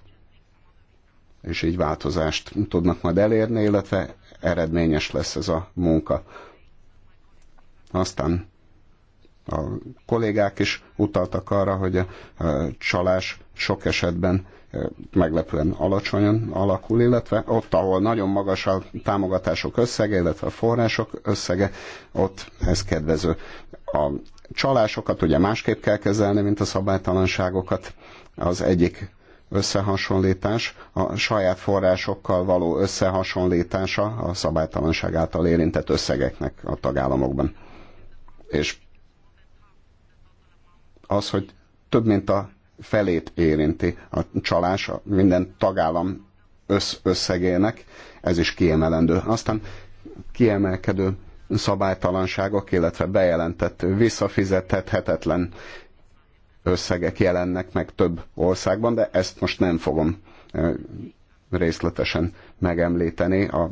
és így változást tudnak majd elérni, illetve eredményes lesz ez a munka. Aztán a kollégák is utaltak arra, hogy a csalás sok esetben e, meglepően alacsonyan alakul, illetve ott, ahol nagyon magas a támogatások összege, illetve a források összege, ott ez kedvező. A csalásokat ugye másképp kell kezelni, mint a szabálytalanságokat. Az egyik összehasonlítás, a saját forrásokkal való összehasonlítása a szabálytalanság által érintett összegeknek a tagállamokban. És az, hogy több mint a felét érinti a csalás a minden tagállam össz összegének, ez is kiemelendő. Aztán kiemelkedő szabálytalanságok, illetve bejelentett visszafizethetetlen összegek jelennek meg több országban, de ezt most nem fogom részletesen megemlíteni. A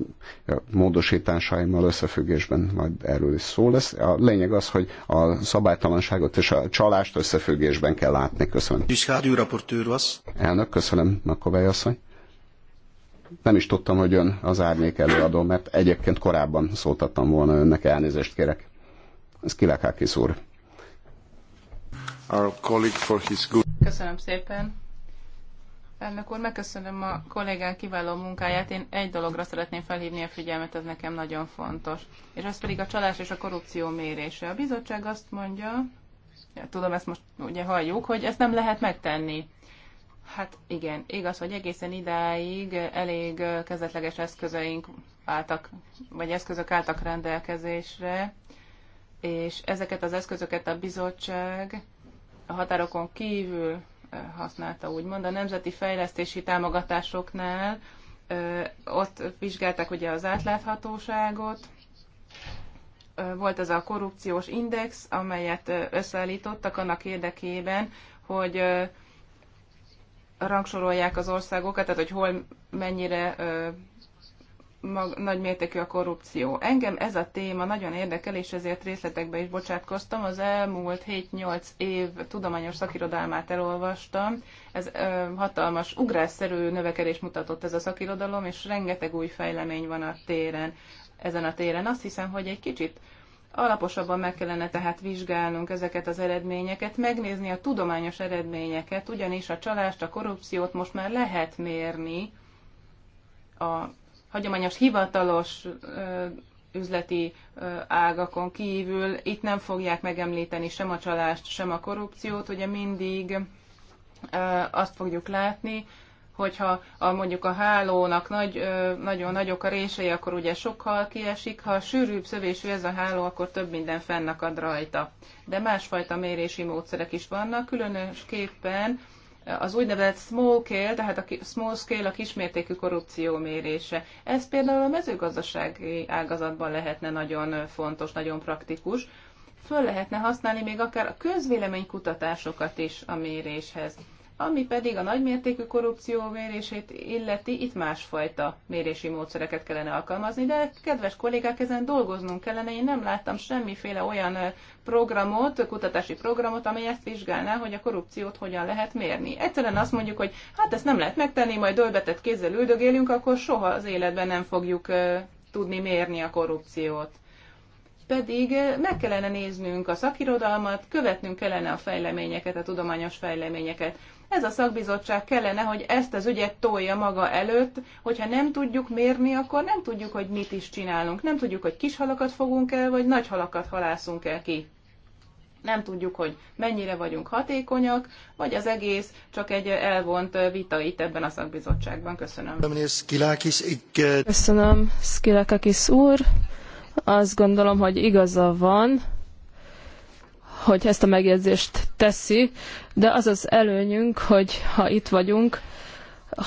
módosításaimmal összefüggésben majd erről is szó lesz. A lényeg az, hogy a szabálytalanságot és a csalást összefüggésben kell látni. Köszönöm. Elnök, köszönöm, Makovely asszony. Nem is tudtam, hogy ön az árnyék előadó, mert egyébként korábban szóltattam volna önnek, elnézést kérek. Ez Kilekákis úr. Our colleague for his good... Köszönöm szépen. Elnök úr, megköszönöm a kollégák kiváló munkáját. Én egy dologra szeretném felhívni a figyelmet, ez nekem nagyon fontos. És ez pedig a csalás és a korrupció mérése. A bizottság azt mondja, ja, tudom, ezt most ugye halljuk, hogy ezt nem lehet megtenni. Hát igen, igaz, hogy egészen idáig elég kezdetleges eszközeink álltak, vagy eszközök álltak rendelkezésre, és ezeket az eszközöket a bizottság a határokon kívül használta, úgymond a nemzeti fejlesztési támogatásoknál, ott vizsgálták ugye az átláthatóságot, volt ez a korrupciós index, amelyet összeállítottak annak érdekében, hogy rangsorolják az országokat, tehát hogy hol mennyire mag, nagy mértékű a korrupció. Engem ez a téma nagyon érdekel, és ezért részletekbe is bocsátkoztam. Az elmúlt 7-8 év tudományos szakirodalmát elolvastam. Ez ö, hatalmas, ugrásszerű növekedés mutatott ez a szakirodalom, és rengeteg új fejlemény van a téren, ezen a téren. Azt hiszem, hogy egy kicsit Alaposabban meg kellene tehát vizsgálnunk ezeket az eredményeket, megnézni a tudományos eredményeket, ugyanis a csalást, a korrupciót most már lehet mérni a hagyományos hivatalos üzleti ágakon kívül. Itt nem fogják megemlíteni sem a csalást, sem a korrupciót, ugye mindig azt fogjuk látni, hogyha a, mondjuk a hálónak nagy, nagyon nagyok a rései, akkor ugye sok hal kiesik, ha sűrűbb szövésű ez a háló, akkor több minden fennakad rajta. De másfajta mérési módszerek is vannak, különösképpen az úgynevezett small scale, tehát a small scale a kismértékű korrupció mérése. Ez például a mezőgazdasági ágazatban lehetne nagyon fontos, nagyon praktikus. Föl lehetne használni még akár a közvéleménykutatásokat is a méréshez. Ami pedig a nagymértékű korrupció mérését illeti, itt másfajta mérési módszereket kellene alkalmazni, de kedves kollégák, ezen dolgoznunk kellene. Én nem láttam semmiféle olyan programot, kutatási programot, amely ezt vizsgálná, hogy a korrupciót hogyan lehet mérni. Egyszerűen azt mondjuk, hogy hát ezt nem lehet megtenni, majd dölbetett kézzel üldögélünk, akkor soha az életben nem fogjuk tudni mérni a korrupciót pedig meg kellene néznünk a szakirodalmat, követnünk kellene a fejleményeket, a tudományos fejleményeket. Ez a szakbizottság kellene, hogy ezt az ügyet tolja maga előtt, hogyha nem tudjuk mérni, akkor nem tudjuk, hogy mit is csinálunk. Nem tudjuk, hogy kis halakat fogunk el, vagy nagy halakat halászunk el ki. Nem tudjuk, hogy mennyire vagyunk hatékonyak, vagy az egész csak egy elvont vita itt ebben a szakbizottságban. Köszönöm. Köszönöm, Skilakakis úr. Azt gondolom, hogy igaza van, hogy ezt a megjegyzést teszi, de az az előnyünk, hogy ha itt vagyunk,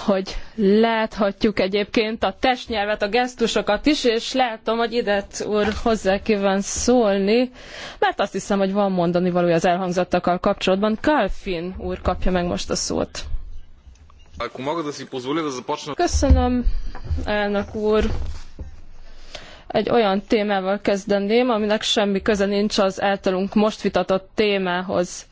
hogy láthatjuk egyébként a testnyelvet, a gesztusokat is, és látom, hogy Idet úr hozzá kíván szólni, mert azt hiszem, hogy van mondani az elhangzottakkal kapcsolatban. Kalfin úr kapja meg most a szót. Köszönöm, elnök úr egy olyan témával kezdeném, aminek semmi köze nincs az általunk most vitatott témához.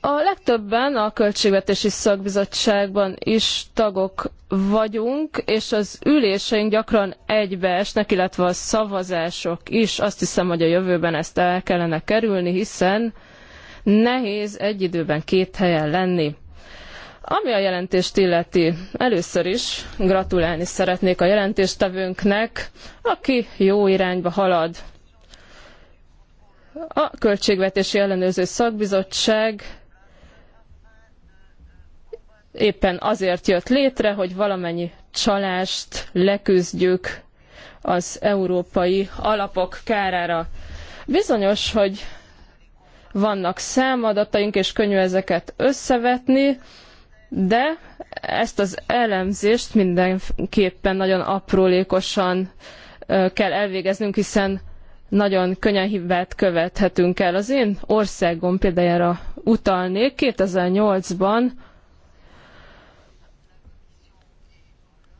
A legtöbben a Költségvetési Szakbizottságban is tagok vagyunk, és az üléseink gyakran egybeesnek, illetve a szavazások is. Azt hiszem, hogy a jövőben ezt el kellene kerülni, hiszen nehéz egy időben két helyen lenni. Ami a jelentést illeti, először is gratulálni szeretnék a jelentéstevőnknek, aki jó irányba halad. A Költségvetési Ellenőrző Szakbizottság éppen azért jött létre, hogy valamennyi csalást leküzdjük az európai alapok kárára. Bizonyos, hogy vannak számadataink, és könnyű ezeket összevetni, de ezt az elemzést mindenképpen nagyon aprólékosan kell elvégeznünk, hiszen nagyon könnyen hibát követhetünk el. Az én országom példájára utalnék, 2008-ban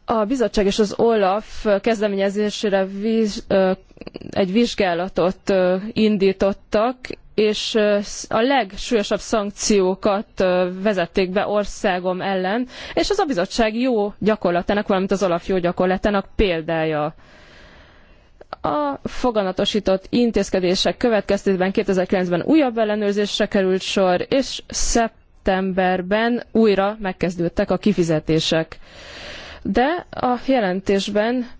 a bizottság és az OLAF kezdeményezésére víz, egy vizsgálatot indítottak, és a legsúlyosabb szankciókat vezették be országom ellen, és ez a bizottság jó gyakorlatának, valamint az OLAF jó gyakorlatának példája. A foganatosított intézkedések következtében 2009-ben újabb ellenőrzésre került sor, és szeptemberben újra megkezdődtek a kifizetések de a jelentésben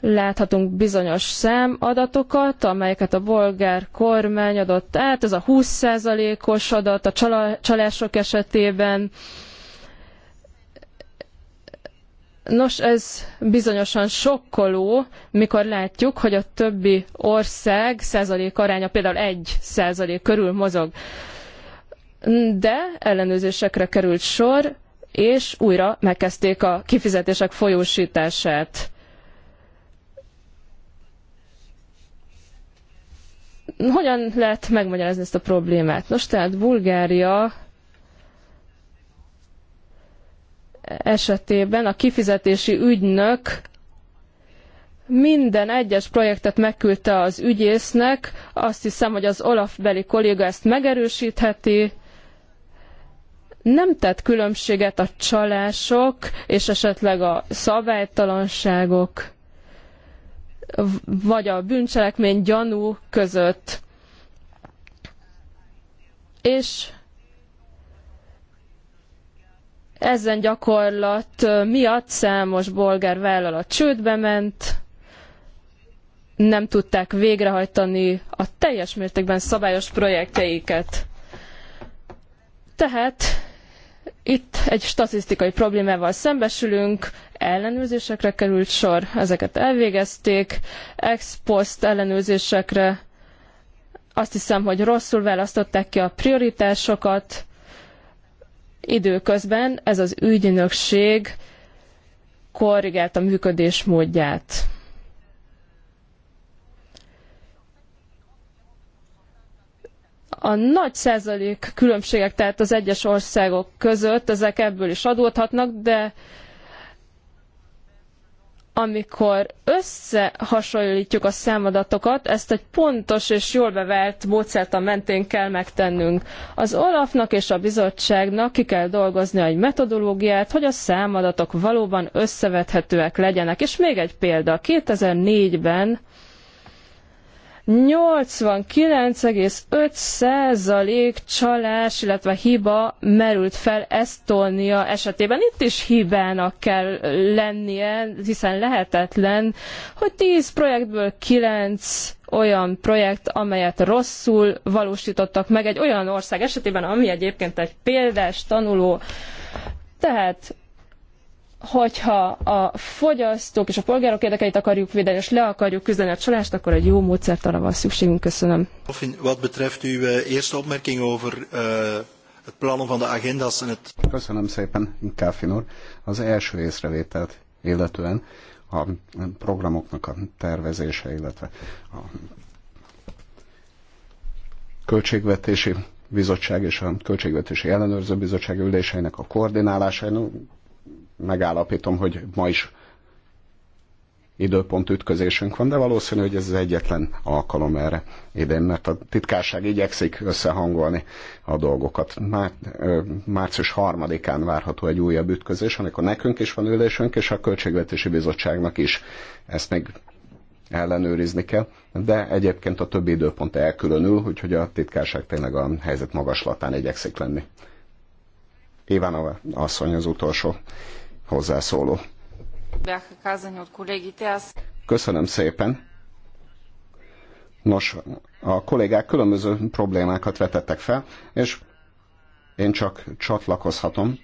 láthatunk bizonyos számadatokat, amelyeket a bolgár kormány adott át, ez a 20%-os adat a csalások esetében. Nos, ez bizonyosan sokkoló, mikor látjuk, hogy a többi ország százalék aránya például 1 százalék körül mozog. De ellenőrzésekre került sor, és újra megkezdték a kifizetések folyósítását. Hogyan lehet megmagyarázni ezt a problémát? Nos, tehát Bulgária esetében a kifizetési ügynök minden egyes projektet megküldte az ügyésznek. Azt hiszem, hogy az Olaf beli kolléga ezt megerősítheti nem tett különbséget a csalások és esetleg a szabálytalanságok vagy a bűncselekmény gyanú között. És ezen gyakorlat miatt számos bolgár vállalat csődbe ment, nem tudták végrehajtani a teljes mértékben szabályos projektjeiket. Tehát itt egy statisztikai problémával szembesülünk, ellenőrzésekre került sor, ezeket elvégezték, ex post ellenőrzésekre azt hiszem, hogy rosszul választották ki a prioritásokat. Időközben ez az ügynökség korrigálta működésmódját. A nagy százalék különbségek tehát az egyes országok között, ezek ebből is adódhatnak, de amikor összehasonlítjuk a számadatokat, ezt egy pontos és jól bevált módszertan mentén kell megtennünk. Az Olafnak és a bizottságnak ki kell dolgoznia egy metodológiát, hogy a számadatok valóban összevethetőek legyenek. És még egy példa. 2004-ben 89,5% csalás, illetve hiba merült fel Estonia esetében. Itt is hibának kell lennie, hiszen lehetetlen, hogy 10 projektből 9 olyan projekt, amelyet rosszul valósítottak meg egy olyan ország esetében, ami egyébként egy példás tanuló. Tehát hogyha a fogyasztók és a polgárok érdekeit akarjuk védeni, és le akarjuk küzdeni a csalást, akkor egy jó módszert van szükségünk. Köszönöm. Wat betreft uw eh, eerste opmerking over eh, het plannen van de agendas en het... Köszönöm szépen, Az első észrevételt illetően a programoknak a tervezése, illetve a költségvetési bizottság és a Költségvetési Ellenőrző Bizottság üléseinek a koordinálása. Én megállapítom, hogy ma is időpont ütközésünk van, de valószínű, hogy ez az egyetlen alkalom erre idén, mert a titkárság igyekszik összehangolni a dolgokat. Már, március 3-án várható egy újabb ütközés, amikor nekünk is van ülésünk, és a Költségvetési Bizottságnak is. Ezt még ellenőrizni kell, de egyébként a többi időpont elkülönül, úgyhogy a titkárság tényleg a helyzet magaslatán igyekszik lenni. Évánova asszony az utolsó hozzászóló. Köszönöm szépen. Nos, a kollégák különböző problémákat vetettek fel, és én csak csatlakozhatom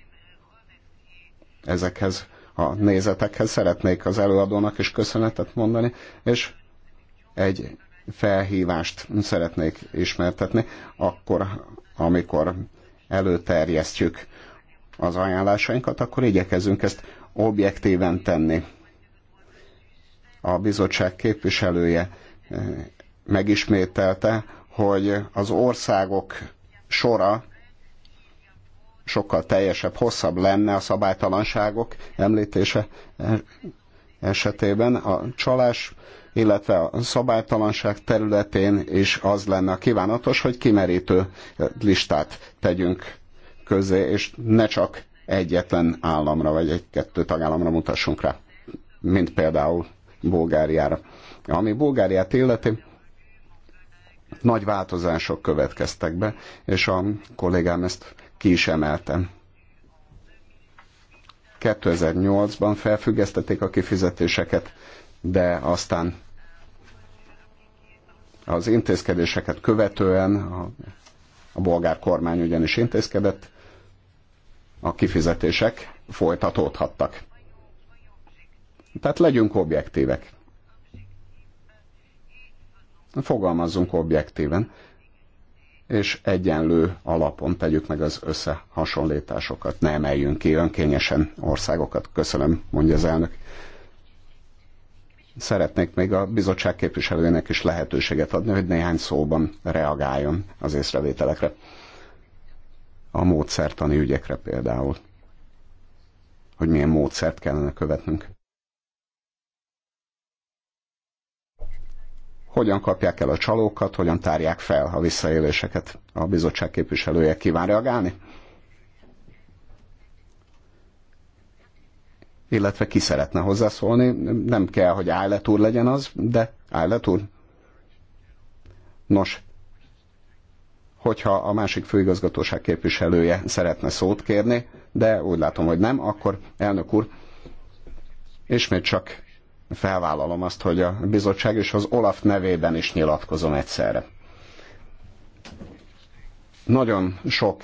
ezekhez a nézetekhez. Szeretnék az előadónak is köszönetet mondani, és egy felhívást szeretnék ismertetni, akkor, amikor előterjesztjük az ajánlásainkat, akkor igyekezünk ezt objektíven tenni. A bizottság képviselője eh, megismételte, hogy az országok sora sokkal teljesebb, hosszabb lenne a szabálytalanságok említése er- esetében. A csalás, illetve a szabálytalanság területén is az lenne a kívánatos, hogy kimerítő listát tegyünk közé, és ne csak egyetlen államra, vagy egy-kettő tagállamra mutassunk rá, mint például Bulgáriára. Ami Bulgáriát illeti, nagy változások következtek be, és a kollégám ezt ki is emelte. 2008-ban felfüggesztették a kifizetéseket, de aztán az intézkedéseket követően a, a bolgár kormány ugyanis intézkedett, a kifizetések folytatódhattak. Tehát legyünk objektívek. Fogalmazzunk objektíven, és egyenlő alapon tegyük meg az összehasonlításokat. Ne emeljünk ki önkényesen országokat. Köszönöm, mondja az elnök. Szeretnék még a bizottság képviselőjének is lehetőséget adni, hogy néhány szóban reagáljon az észrevételekre a módszertani ügyekre például, hogy milyen módszert kellene követnünk. Hogyan kapják el a csalókat, hogyan tárják fel a visszaéléseket? A bizottság képviselője kíván reagálni? illetve ki szeretne hozzászólni. Nem kell, hogy Állet úr legyen az, de Állet úr. Nos, Hogyha a másik főigazgatóság képviselője szeretne szót kérni, de úgy látom, hogy nem, akkor elnök úr, ismét csak felvállalom azt, hogy a bizottság és az Olaf nevében is nyilatkozom egyszerre. Nagyon sok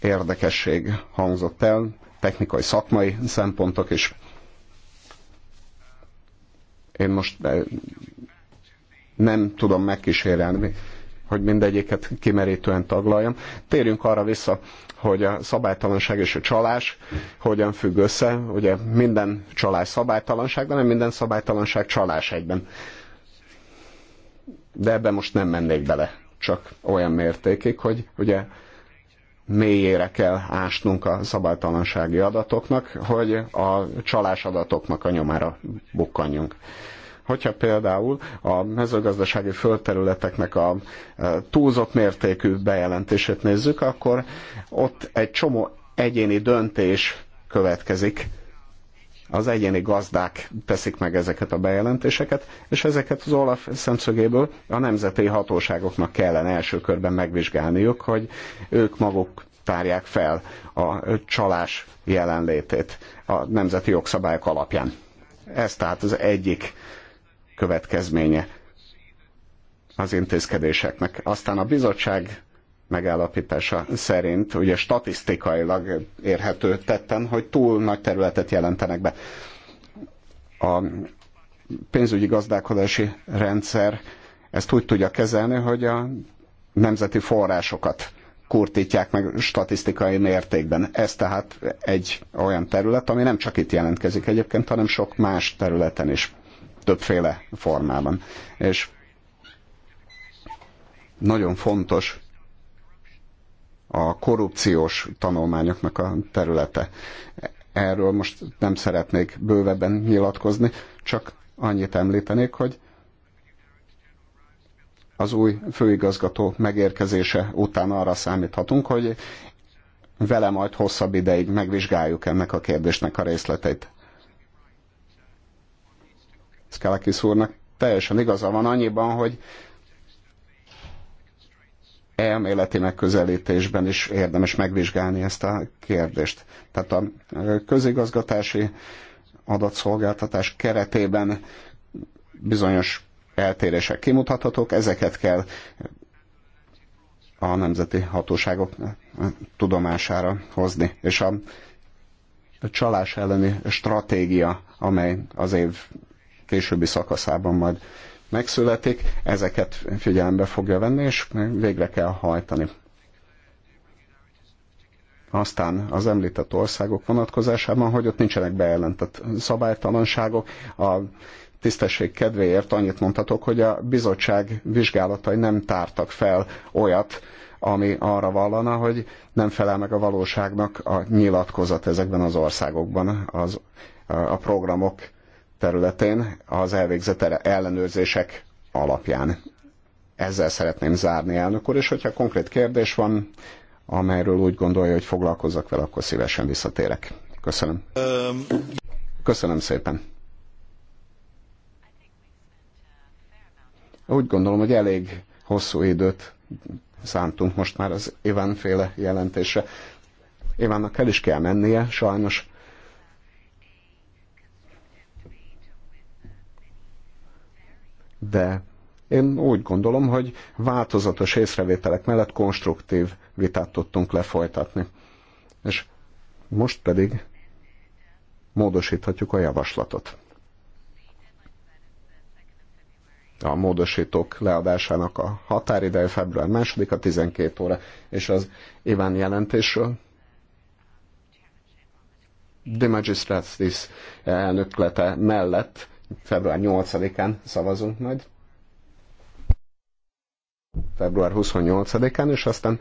érdekesség hangzott el, technikai, szakmai szempontok is. Én most eh, nem tudom megkísérelni hogy mindegyiket kimerítően taglaljam. Térjünk arra vissza, hogy a szabálytalanság és a csalás hogyan függ össze. Ugye minden csalás szabálytalanság, de nem minden szabálytalanság csalás egyben. De ebben most nem mennék bele, csak olyan mértékig, hogy ugye mélyére kell ásnunk a szabálytalansági adatoknak, hogy a csalás adatoknak a nyomára bukkanjunk. Hogyha például a mezőgazdasági földterületeknek a túlzott mértékű bejelentését nézzük, akkor ott egy csomó egyéni döntés következik, az egyéni gazdák teszik meg ezeket a bejelentéseket, és ezeket az Olaf szemszögéből a nemzeti hatóságoknak kellene első körben megvizsgálniuk, hogy ők maguk tárják fel a csalás jelenlétét a nemzeti jogszabályok alapján. Ez tehát az egyik következménye az intézkedéseknek. Aztán a bizottság megállapítása szerint, ugye statisztikailag érhető tetten, hogy túl nagy területet jelentenek be. A pénzügyi gazdálkodási rendszer ezt úgy tudja kezelni, hogy a nemzeti forrásokat kurtítják meg statisztikai mértékben. Ez tehát egy olyan terület, ami nem csak itt jelentkezik egyébként, hanem sok más területen is többféle formában. És nagyon fontos a korrupciós tanulmányoknak a területe. Erről most nem szeretnék bővebben nyilatkozni, csak annyit említenék, hogy az új főigazgató megérkezése után arra számíthatunk, hogy vele majd hosszabb ideig megvizsgáljuk ennek a kérdésnek a részleteit. Szkelekis úrnak teljesen igaza van annyiban, hogy elméleti megközelítésben is érdemes megvizsgálni ezt a kérdést. Tehát a közigazgatási adatszolgáltatás keretében bizonyos eltérések kimutathatók, ezeket kell a nemzeti hatóságok tudomására hozni. És a csalás elleni stratégia, amely az év későbbi szakaszában majd megszületik, ezeket figyelembe fogja venni, és végre kell hajtani. Aztán az említett országok vonatkozásában, hogy ott nincsenek bejelentett szabálytalanságok, a tisztesség kedvéért annyit mondhatok, hogy a bizottság vizsgálatai nem tártak fel olyat, ami arra vallana, hogy nem felel meg a valóságnak a nyilatkozat ezekben az országokban az, a programok területén az elvégzett ellenőrzések alapján. Ezzel szeretném zárni, elnök úr, és hogyha konkrét kérdés van, amelyről úgy gondolja, hogy foglalkozzak vele, akkor szívesen visszatérek. Köszönöm. Köszönöm szépen. Úgy gondolom, hogy elég hosszú időt szántunk most már az Iván féle jelentésre. Ivánnak el is kell mennie, sajnos de én úgy gondolom, hogy változatos észrevételek mellett konstruktív vitát tudtunk lefolytatni. És most pedig módosíthatjuk a javaslatot. A módosítók leadásának a határideje február 2-a 12 óra, és az Iván jelentésről de Magistrátis elnöklete mellett február 8-án szavazunk majd, február 28-án, és aztán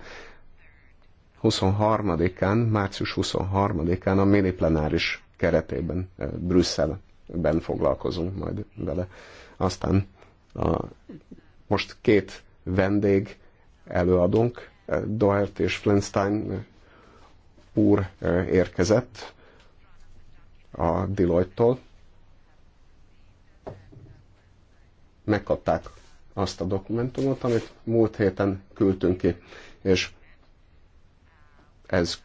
23-án, március 23-án a mini plenáris keretében eh, Brüsszelben foglalkozunk majd vele. Aztán a, most két vendég előadunk, eh, Doherty és Flinstein eh, úr érkezett a Deloitte-tól, megkapták azt a dokumentumot, amit múlt héten küldtünk ki, és ez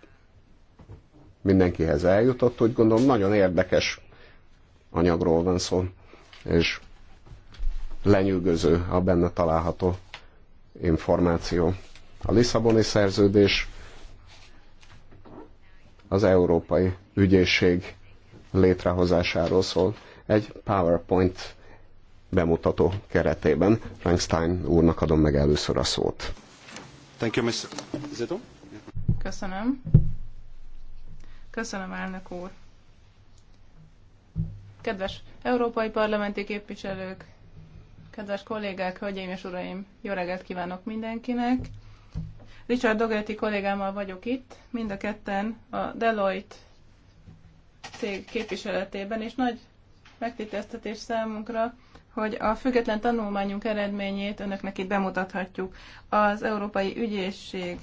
mindenkihez eljutott, úgy gondolom nagyon érdekes anyagról van szó, és lenyűgöző a benne található információ. A Lisszaboni szerződés az Európai Ügyészség létrehozásáról szól. Egy PowerPoint bemutató keretében. Frankstein úrnak adom meg először a szót. Thank you, Mr. Zedon. Köszönöm. Köszönöm, elnök úr. Kedves európai parlamenti képviselők, kedves kollégák, hölgyeim és uraim, jó reggelt kívánok mindenkinek. Richard Dogerti kollégámmal vagyok itt, mind a ketten a Deloitte cég képviseletében, és nagy megtiszteltetés számunkra, hogy a független tanulmányunk eredményét önöknek itt bemutathatjuk. Az Európai Ügyészség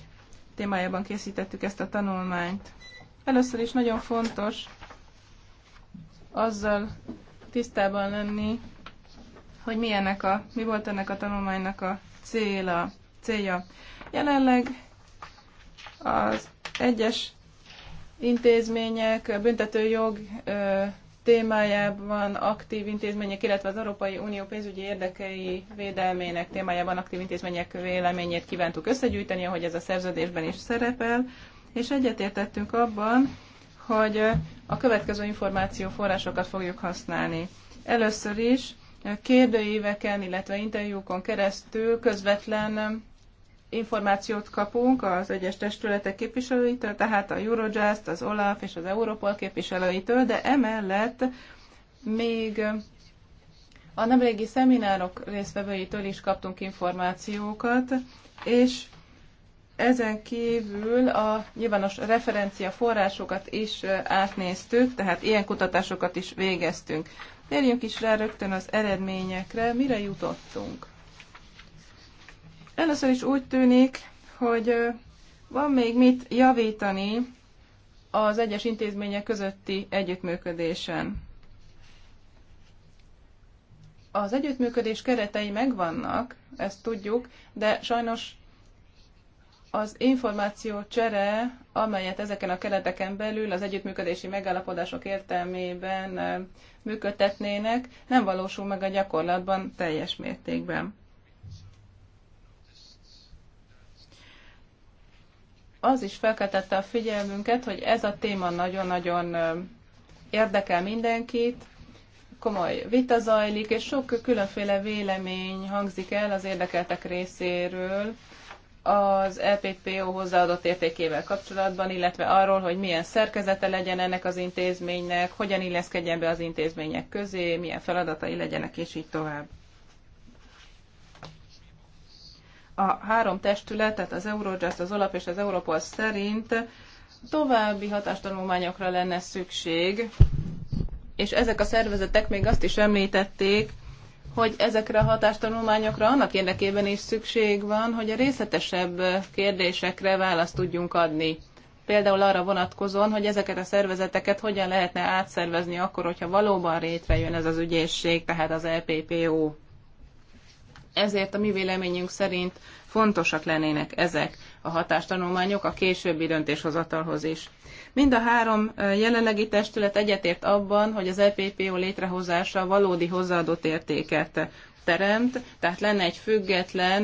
témájában készítettük ezt a tanulmányt. Először is nagyon fontos azzal tisztában lenni, hogy mi, ennek a, mi volt ennek a tanulmánynak a céla, célja. Jelenleg az egyes intézmények büntetőjog témájában aktív intézmények, illetve az Európai Unió pénzügyi érdekei védelmének témájában aktív intézmények véleményét kívántuk összegyűjteni, ahogy ez a szerződésben is szerepel, és egyetértettünk abban, hogy a következő információforrásokat fogjuk használni. Először is kérdőíveken, illetve interjúkon keresztül közvetlen információt kapunk az egyes testületek képviselőitől, tehát a Eurojust, az OLAF és az Europol képviselőitől, de emellett még a nemrégi szeminárok résztvevőitől is kaptunk információkat, és ezen kívül a nyilvános referencia forrásokat is átnéztük, tehát ilyen kutatásokat is végeztünk. Térjünk is rá rögtön az eredményekre, mire jutottunk. Először is úgy tűnik, hogy van még mit javítani az egyes intézmények közötti együttműködésen. Az együttműködés keretei megvannak, ezt tudjuk, de sajnos az információ csere, amelyet ezeken a kereteken belül az együttműködési megállapodások értelmében működtetnének, nem valósul meg a gyakorlatban teljes mértékben. az is felkeltette a figyelmünket, hogy ez a téma nagyon-nagyon érdekel mindenkit, komoly vita zajlik, és sok különféle vélemény hangzik el az érdekeltek részéről az LPPO e hozzáadott értékével kapcsolatban, illetve arról, hogy milyen szerkezete legyen ennek az intézménynek, hogyan illeszkedjen be az intézmények közé, milyen feladatai legyenek, és így tovább. a három testület, tehát az Eurojust, az Olap és az Europol szerint további hatástanulmányokra lenne szükség, és ezek a szervezetek még azt is említették, hogy ezekre a hatástanulmányokra annak érdekében is szükség van, hogy a részletesebb kérdésekre választ tudjunk adni. Például arra vonatkozóan, hogy ezeket a szervezeteket hogyan lehetne átszervezni akkor, hogyha valóban rétrejön ez az ügyészség, tehát az EPPO ezért a mi véleményünk szerint fontosak lennének ezek a hatástanulmányok a későbbi döntéshozatalhoz is. Mind a három jelenlegi testület egyetért abban, hogy az EPPO létrehozása valódi hozzáadott értéket teremt, tehát lenne egy független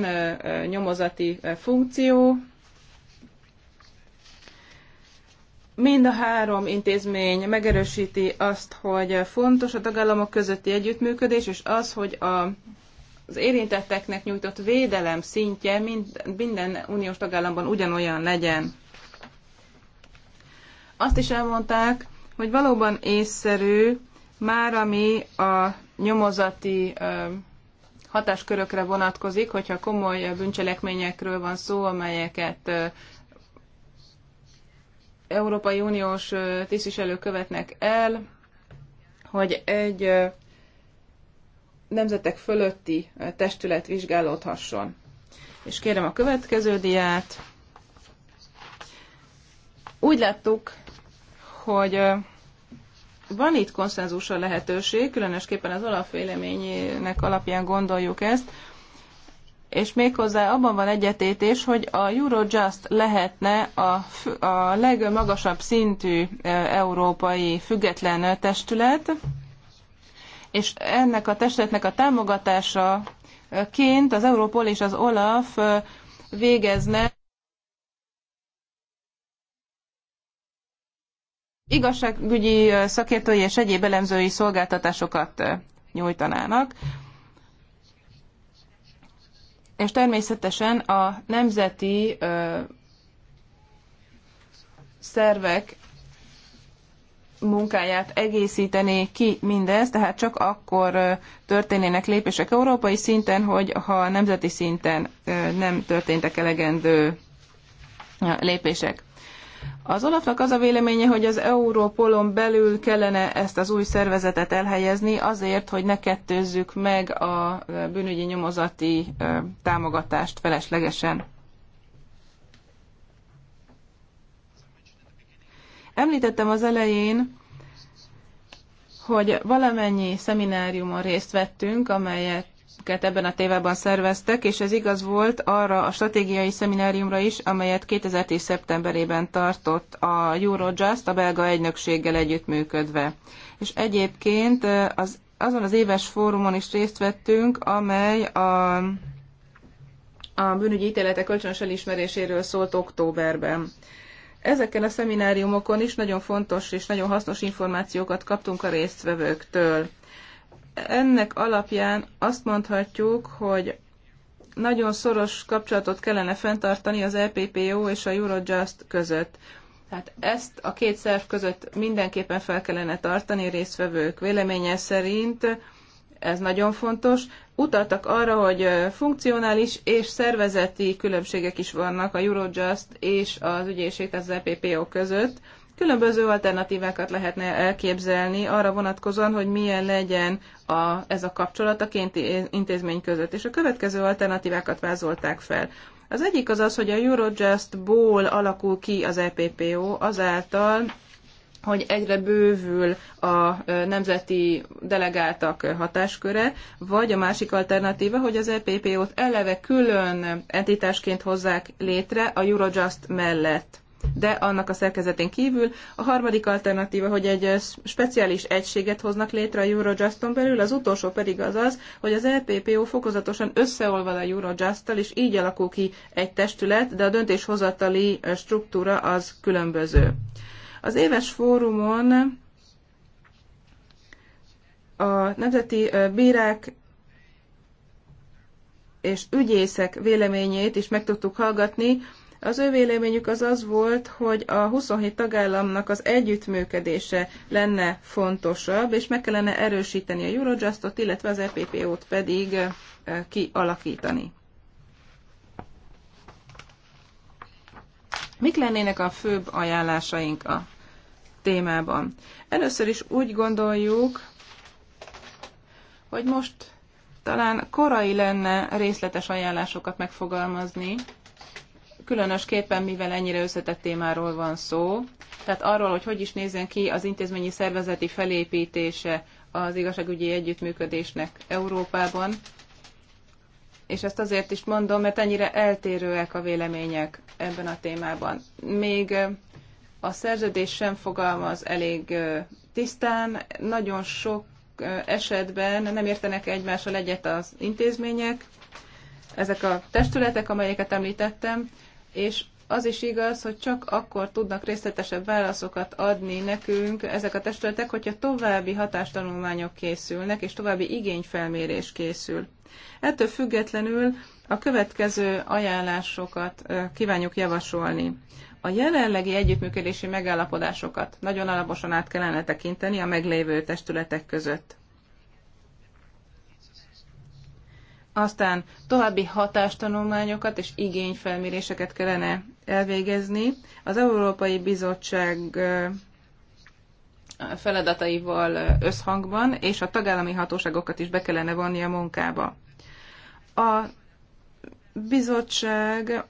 nyomozati funkció, Mind a három intézmény megerősíti azt, hogy fontos a tagállamok közötti együttműködés, és az, hogy a az érintetteknek nyújtott védelem szintje mind, minden uniós tagállamban ugyanolyan legyen. Azt is elmondták, hogy valóban észszerű, már ami a nyomozati hatáskörökre vonatkozik, hogyha komoly bűncselekményekről van szó, amelyeket Európai Uniós tisztviselők követnek el, hogy egy nemzetek fölötti testület vizsgálódhasson. És kérem a következő diát. Úgy láttuk, hogy van itt konszenzusra lehetőség, különösképpen az alapvéleményének alapján gondoljuk ezt, és méghozzá abban van egyetétés, hogy a Eurojust lehetne a, a legmagasabb szintű európai független testület, és ennek a testületnek a támogatása ként az Európol és az OLAF végezne igazságügyi szakértői és egyéb elemzői szolgáltatásokat nyújtanának. És természetesen a nemzeti szervek munkáját egészítené ki mindez, tehát csak akkor történnének lépések európai szinten, hogy ha nemzeti szinten nem történtek elegendő lépések. Az Olafnak az a véleménye, hogy az Európolon belül kellene ezt az új szervezetet elhelyezni azért, hogy ne kettőzzük meg a bűnügyi nyomozati támogatást feleslegesen. Említettem az elején, hogy valamennyi szemináriumon részt vettünk, amelyet ebben a tévában szerveztek, és ez igaz volt arra a stratégiai szemináriumra is, amelyet 2010. szeptemberében tartott a Eurojust a belga egynökséggel együttműködve. És egyébként az, azon az éves fórumon is részt vettünk, amely a, a bűnügyi ítéletek kölcsönös elismeréséről szólt októberben. Ezeken a szemináriumokon is nagyon fontos és nagyon hasznos információkat kaptunk a résztvevőktől. Ennek alapján azt mondhatjuk, hogy nagyon szoros kapcsolatot kellene fenntartani az EPPO és a Eurojust között. Tehát ezt a két szerv között mindenképpen fel kellene tartani résztvevők véleménye szerint, ez nagyon fontos, utaltak arra, hogy funkcionális és szervezeti különbségek is vannak a Eurojust és az ügyészség, az EPPO között. Különböző alternatívákat lehetne elképzelni arra vonatkozóan, hogy milyen legyen a, ez a kapcsolat a két intézmény között. És a következő alternatívákat vázolták fel. Az egyik az az, hogy a Eurojust-ból alakul ki az EPPO azáltal, hogy egyre bővül a nemzeti delegáltak hatásköre, vagy a másik alternatíva, hogy az EPPO-t eleve külön entitásként hozzák létre a Eurojust mellett de annak a szerkezetén kívül. A harmadik alternatíva, hogy egy speciális egységet hoznak létre a Eurojuston belül, az utolsó pedig az az, hogy az LPPO e fokozatosan összeolvad a Eurojusttal, és így alakul ki egy testület, de a döntéshozatali struktúra az különböző. Az éves fórumon a nemzeti bírák és ügyészek véleményét is meg tudtuk hallgatni. Az ő véleményük az az volt, hogy a 27 tagállamnak az együttműködése lenne fontosabb, és meg kellene erősíteni a Eurojustot, illetve az EPPO-t pedig kialakítani. Mik lennének a főbb ajánlásaink a témában. Először is úgy gondoljuk, hogy most talán korai lenne részletes ajánlásokat megfogalmazni, különösképpen mivel ennyire összetett témáról van szó, tehát arról, hogy hogy is nézzen ki az intézményi szervezeti felépítése az igazságügyi együttműködésnek Európában, és ezt azért is mondom, mert ennyire eltérőek a vélemények ebben a témában. Még a szerződés sem fogalmaz elég tisztán, nagyon sok esetben nem értenek egymással egyet az intézmények, ezek a testületek, amelyeket említettem, és az is igaz, hogy csak akkor tudnak részletesebb válaszokat adni nekünk ezek a testületek, hogyha további hatástanulmányok készülnek, és további igényfelmérés készül. Ettől függetlenül a következő ajánlásokat kívánjuk javasolni. A jelenlegi együttműködési megállapodásokat nagyon alaposan át kellene tekinteni a meglévő testületek között. Aztán további hatástanulmányokat és igényfelméréseket kellene elvégezni. Az Európai Bizottság feladataival összhangban, és a tagállami hatóságokat is be kellene vonni a munkába. A bizottság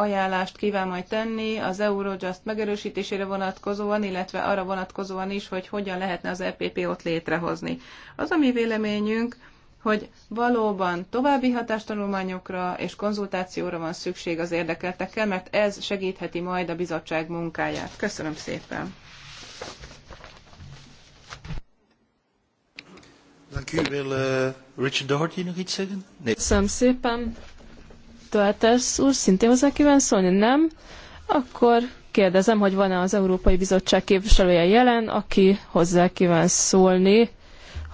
ajánlást kíván majd tenni az Eurojust megerősítésére vonatkozóan, illetve arra vonatkozóan is, hogy hogyan lehetne az EPP-ot létrehozni. Az a mi véleményünk, hogy valóban további hatástanulmányokra és konzultációra van szükség az érdekeltekkel, mert ez segítheti majd a bizottság munkáját. Köszönöm szépen! Eh, Richard Köszönöm szépen. Töltesz úr szintén hozzá kíván szólni? Nem? Akkor kérdezem, hogy van-e az Európai Bizottság képviselője jelen, aki hozzá kíván szólni,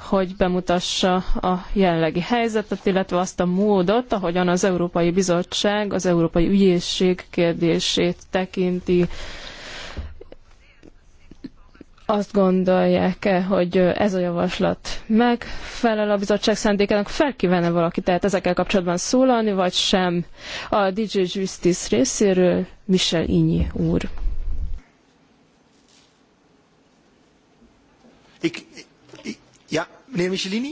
hogy bemutassa a jelenlegi helyzetet, illetve azt a módot, ahogyan az Európai Bizottság az Európai Ügyészség kérdését tekinti azt gondolják-e, hogy ez a javaslat megfelel a bizottság szándékának, felkívánne valaki tehát ezekkel kapcsolatban szólalni, vagy sem a DJ Justice részéről Michel Inyi úr. ik, ja, meneer Michelini?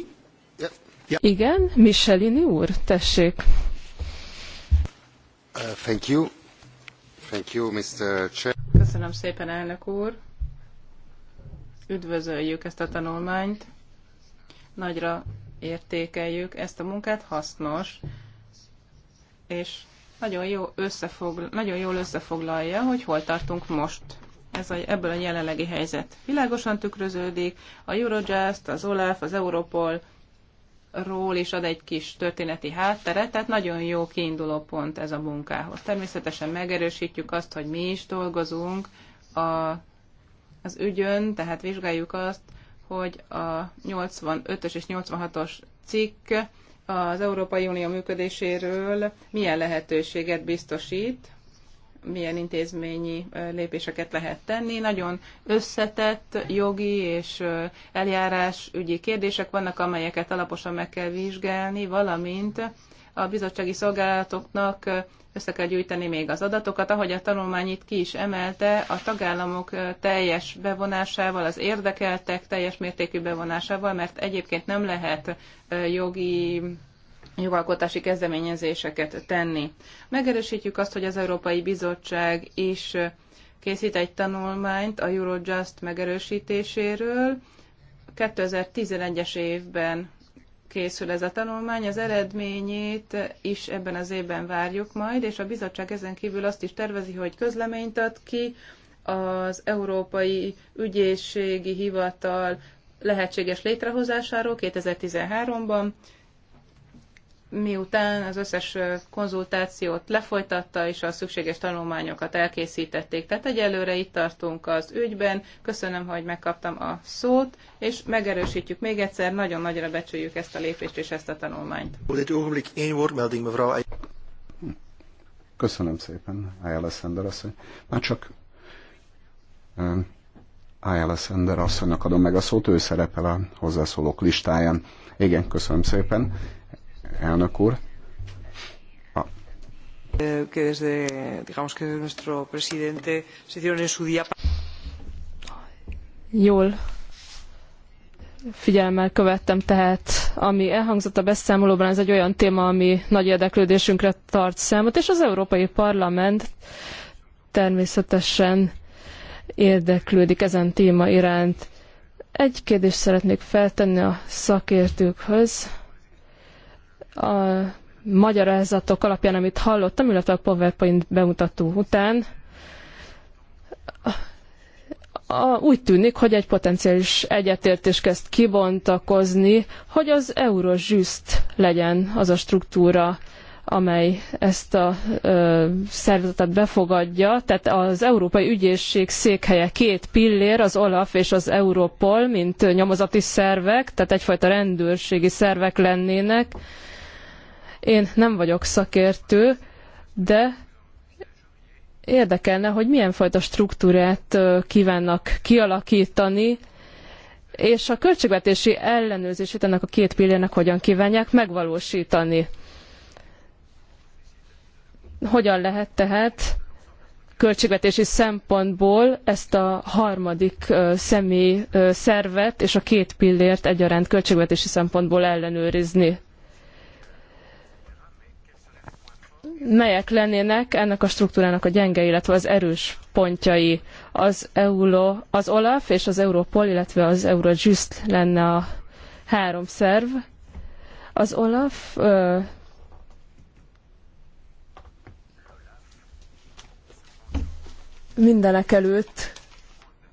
Ja, ja. Igen, Michelini úr, tessék. Uh, thank you. Thank you, Mr. Chair. Köszönöm szépen, elnök úr. Üdvözöljük ezt a tanulmányt, nagyra értékeljük ezt a munkát, hasznos, és nagyon, jó összefogl- nagyon jól összefoglalja, hogy hol tartunk most ez a, ebből a jelenlegi helyzet. Világosan tükröződik, a Eurojust, az OLAF, az Europol ról is ad egy kis történeti hátteret, tehát nagyon jó kiinduló pont ez a munkához. Természetesen megerősítjük azt, hogy mi is dolgozunk a az ügyön, tehát vizsgáljuk azt, hogy a 85-ös és 86-os cikk az Európai Unió működéséről milyen lehetőséget biztosít, milyen intézményi lépéseket lehet tenni. Nagyon összetett jogi és eljárásügyi kérdések vannak, amelyeket alaposan meg kell vizsgálni, valamint a bizottsági szolgálatoknak össze kell gyűjteni még az adatokat. Ahogy a tanulmány itt ki is emelte, a tagállamok teljes bevonásával, az érdekeltek teljes mértékű bevonásával, mert egyébként nem lehet jogi jogalkotási kezdeményezéseket tenni. Megerősítjük azt, hogy az Európai Bizottság is készít egy tanulmányt a Eurojust megerősítéséről. 2011-es évben készül ez a tanulmány, az eredményét is ebben az évben várjuk majd, és a bizottság ezen kívül azt is tervezi, hogy közleményt ad ki az Európai Ügyészségi Hivatal lehetséges létrehozásáról 2013-ban, miután az összes konzultációt lefolytatta, és a szükséges tanulmányokat elkészítették. Tehát egyelőre itt tartunk az ügyben. Köszönöm, hogy megkaptam a szót, és megerősítjük még egyszer, nagyon nagyra becsüljük ezt a lépést és ezt a tanulmányt. Köszönöm szépen, Ayala Sender asszony. Már csak Ayala Sender asszonynak adom meg a szót, ő szerepel a hozzászólók listáján. Igen, köszönöm szépen elnök úr. A... Que desde, digamos que nuestro presidente se hicieron en su día. Jól figyelemmel követtem, tehát ami elhangzott a beszámolóban, ez egy olyan téma, ami nagy érdeklődésünkre tart számot, és az Európai Parlament természetesen érdeklődik ezen téma iránt. Egy kérdést szeretnék feltenni a szakértőkhöz a magyarázatok alapján, amit hallottam, illetve a PowerPoint bemutató után, a, úgy tűnik, hogy egy potenciális egyetértés kezd kibontakozni, hogy az eurozsüszt legyen az a struktúra, amely ezt a ö, szervezetet befogadja. Tehát az Európai Ügyészség székhelye két pillér, az OLAF és az Europol, mint nyomozati szervek, tehát egyfajta rendőrségi szervek lennének. Ö, én nem vagyok szakértő, de érdekelne, hogy milyen fajta struktúrát kívánnak kialakítani, és a költségvetési ellenőrzését ennek a két pillérnek hogyan kívánják megvalósítani. Hogyan lehet tehát költségvetési szempontból ezt a harmadik személy szervet és a két pillért egyaránt költségvetési szempontból ellenőrizni. melyek lennének ennek a struktúrának a gyenge, illetve az erős pontjai. Az, EULO, az OLAF és az Europol, illetve az Eurojust lenne a három szerv. Az OLAF ö, mindenek előtt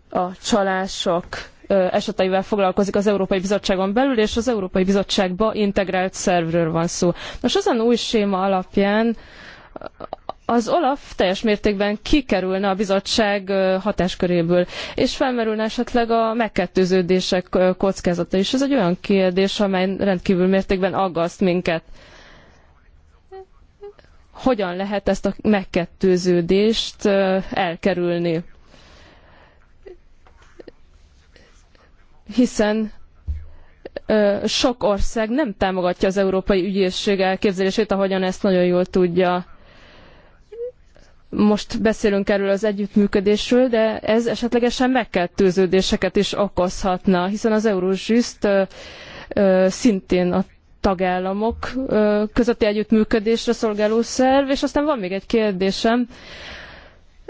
a csalások eseteivel foglalkozik az Európai Bizottságon belül, és az Európai Bizottságba integrált szervről van szó. Nos, ezen új séma alapján az Olaf teljes mértékben kikerülne a bizottság hatásköréből, és felmerülne esetleg a megkettőződések kockázata is. Ez egy olyan kérdés, amely rendkívül mértékben aggaszt minket. Hogyan lehet ezt a megkettőződést elkerülni? hiszen sok ország nem támogatja az Európai Ügyészség elképzelését, ahogyan ezt nagyon jól tudja. Most beszélünk erről az együttműködésről, de ez esetlegesen megkettőződéseket is okozhatna, hiszen az Eurojust szintén a tagállamok közötti együttműködésre szolgáló szerv, és aztán van még egy kérdésem,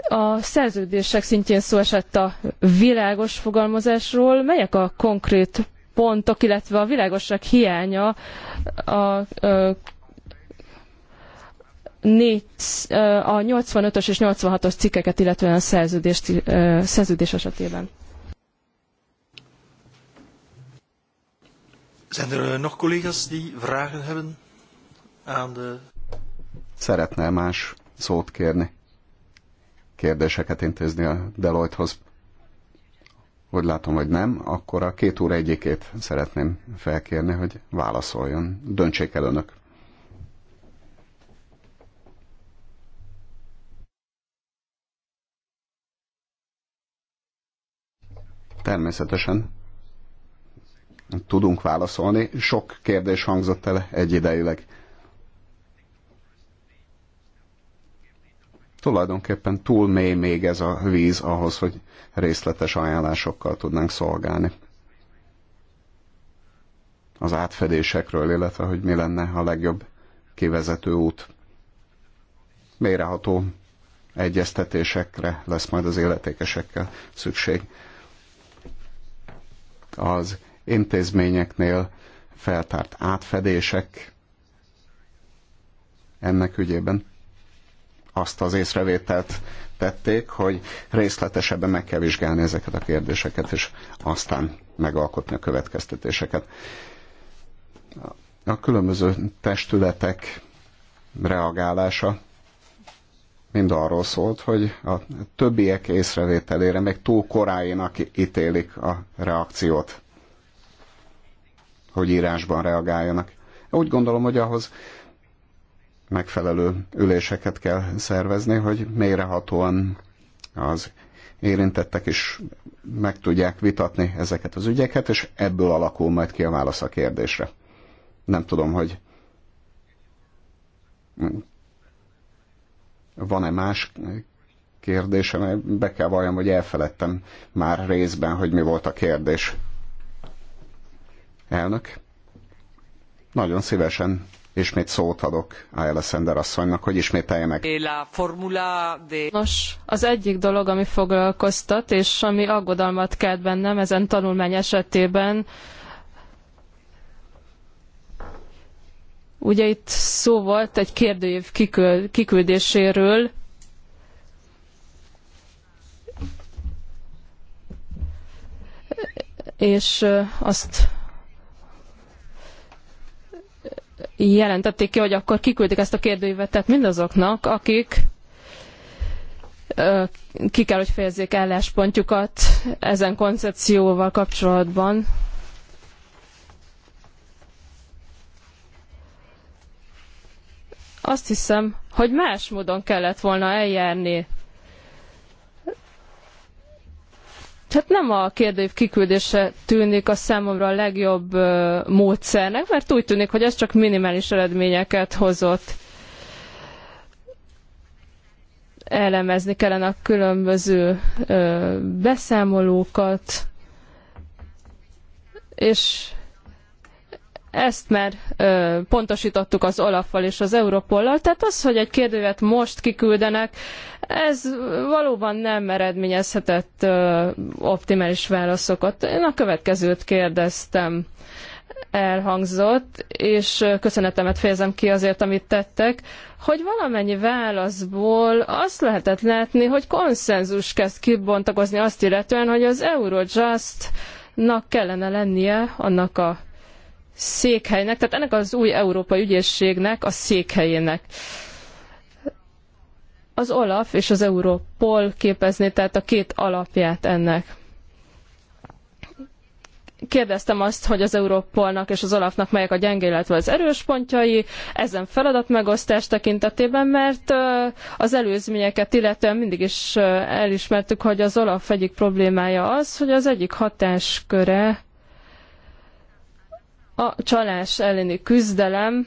a szerződések szintjén szó esett a világos fogalmazásról, melyek a konkrét pontok, illetve a világosság hiánya a a 85-ös és 86-os cikkeket, illetően a szerződés, szerződés esetében. Zijn er eh, nog collega's die vragen hebben aan de... Szeretne más szót kérni? kérdéseket intézni a Deloitte-hoz. Hogy látom, hogy nem, akkor a két óra egyikét szeretném felkérni, hogy válaszoljon. Döntsék el önök. Természetesen tudunk válaszolni. Sok kérdés hangzott el egyidejűleg. Tulajdonképpen túl mély még ez a víz ahhoz, hogy részletes ajánlásokkal tudnánk szolgálni. Az átfedésekről, illetve hogy mi lenne a legjobb kivezető út. Méreható egyeztetésekre lesz majd az életékesekkel szükség. Az intézményeknél feltárt átfedések ennek ügyében azt az észrevételt tették, hogy részletesebben meg kell vizsgálni ezeket a kérdéseket, és aztán megalkotni a következtetéseket. A különböző testületek reagálása mind arról szólt, hogy a többiek észrevételére meg túl koráinak ítélik a reakciót, hogy írásban reagáljanak. Úgy gondolom, hogy ahhoz megfelelő üléseket kell szervezni, hogy mélyrehatóan az érintettek is meg tudják vitatni ezeket az ügyeket, és ebből alakul majd ki a válasz a kérdésre. Nem tudom, hogy van-e más mert be kell valljam, hogy elfeledtem már részben, hogy mi volt a kérdés. Elnök, nagyon szívesen Ismét szót adok Ayala Sender asszonynak, hogy ismételje eh, meg. Nos, az egyik dolog, ami foglalkoztat, és ami aggodalmat kelt bennem ezen tanulmány esetében, Ugye itt szó volt egy kérdőív kiküldéséről. És azt jelentették ki, hogy akkor kiküldik ezt a kérdőívetet mindazoknak, akik ki kell, hogy fejezzék álláspontjukat ezen koncepcióval kapcsolatban. Azt hiszem, hogy más módon kellett volna eljárni Hát nem a kérdőív kiküldése tűnik a számomra a legjobb módszernek, mert úgy tűnik, hogy ez csak minimális eredményeket hozott. Elemezni kellene a különböző beszámolókat, és ezt már ö, pontosítottuk az Olaffal és az Europollal, tehát az, hogy egy kérdővet most kiküldenek, ez valóban nem eredményezhetett ö, optimális válaszokat. Én a következőt kérdeztem elhangzott, és köszönetemet fejezem ki azért, amit tettek, hogy valamennyi válaszból azt lehetett látni, hogy konszenzus kezd kibontakozni azt illetően, hogy az Eurojust nak kellene lennie annak a székhelynek, tehát ennek az új európai ügyészségnek a székhelyének. Az OLAF és az Europol képezné tehát a két alapját ennek kérdeztem azt, hogy az Európolnak és az Olafnak melyek a gyenge, illetve az erős pontjai ezen feladatmegosztás tekintetében, mert az előzményeket illetően mindig is elismertük, hogy az Olaf egyik problémája az, hogy az egyik hatásköre a csalás elleni küzdelem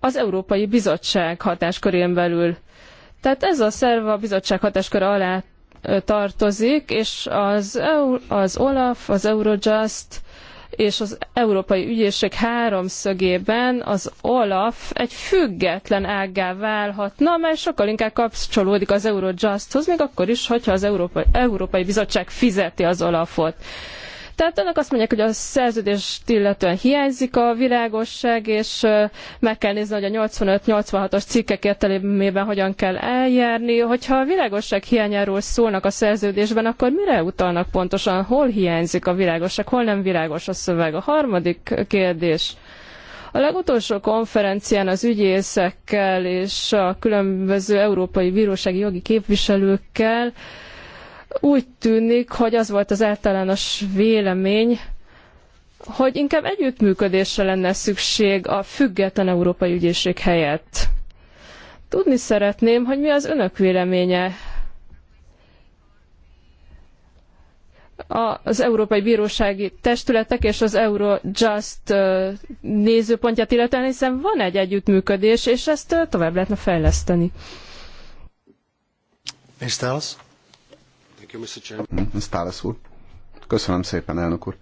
az Európai Bizottság hatáskörén belül. Tehát ez a szerv a bizottság hatásköre alá tartozik, és az, EU, az OLAF, az Eurojust és az Európai Ügyészség háromszögében az OLAF egy független ággá válhatna, mert sokkal inkább kapcsolódik az Eurojusthoz, még akkor is, hogyha az Európai Bizottság fizeti az OLAFot. Tehát önök azt mondják, hogy a szerződést illetően hiányzik a világosság, és meg kell nézni, hogy a 85-86-os cikkek értelmében hogyan kell eljárni. Hogyha a világosság hiányáról szólnak a szerződésben, akkor mire utalnak pontosan? Hol hiányzik a világosság, hol nem világos a szöveg? A harmadik kérdés. A legutolsó konferencián az ügyészekkel és a különböző európai bírósági jogi képviselőkkel úgy tűnik, hogy az volt az általános vélemény, hogy inkább együttműködésre lenne szükség a független európai ügyészség helyett. Tudni szeretném, hogy mi az önök véleménye az Európai Bírósági Testületek és az Eurojust nézőpontját illetően, hiszen van egy együttműködés, és ezt tovább lehetne fejleszteni. Mr you, Mr. Chairman. Mm, úr. Köszönöm szépen, elnök úr.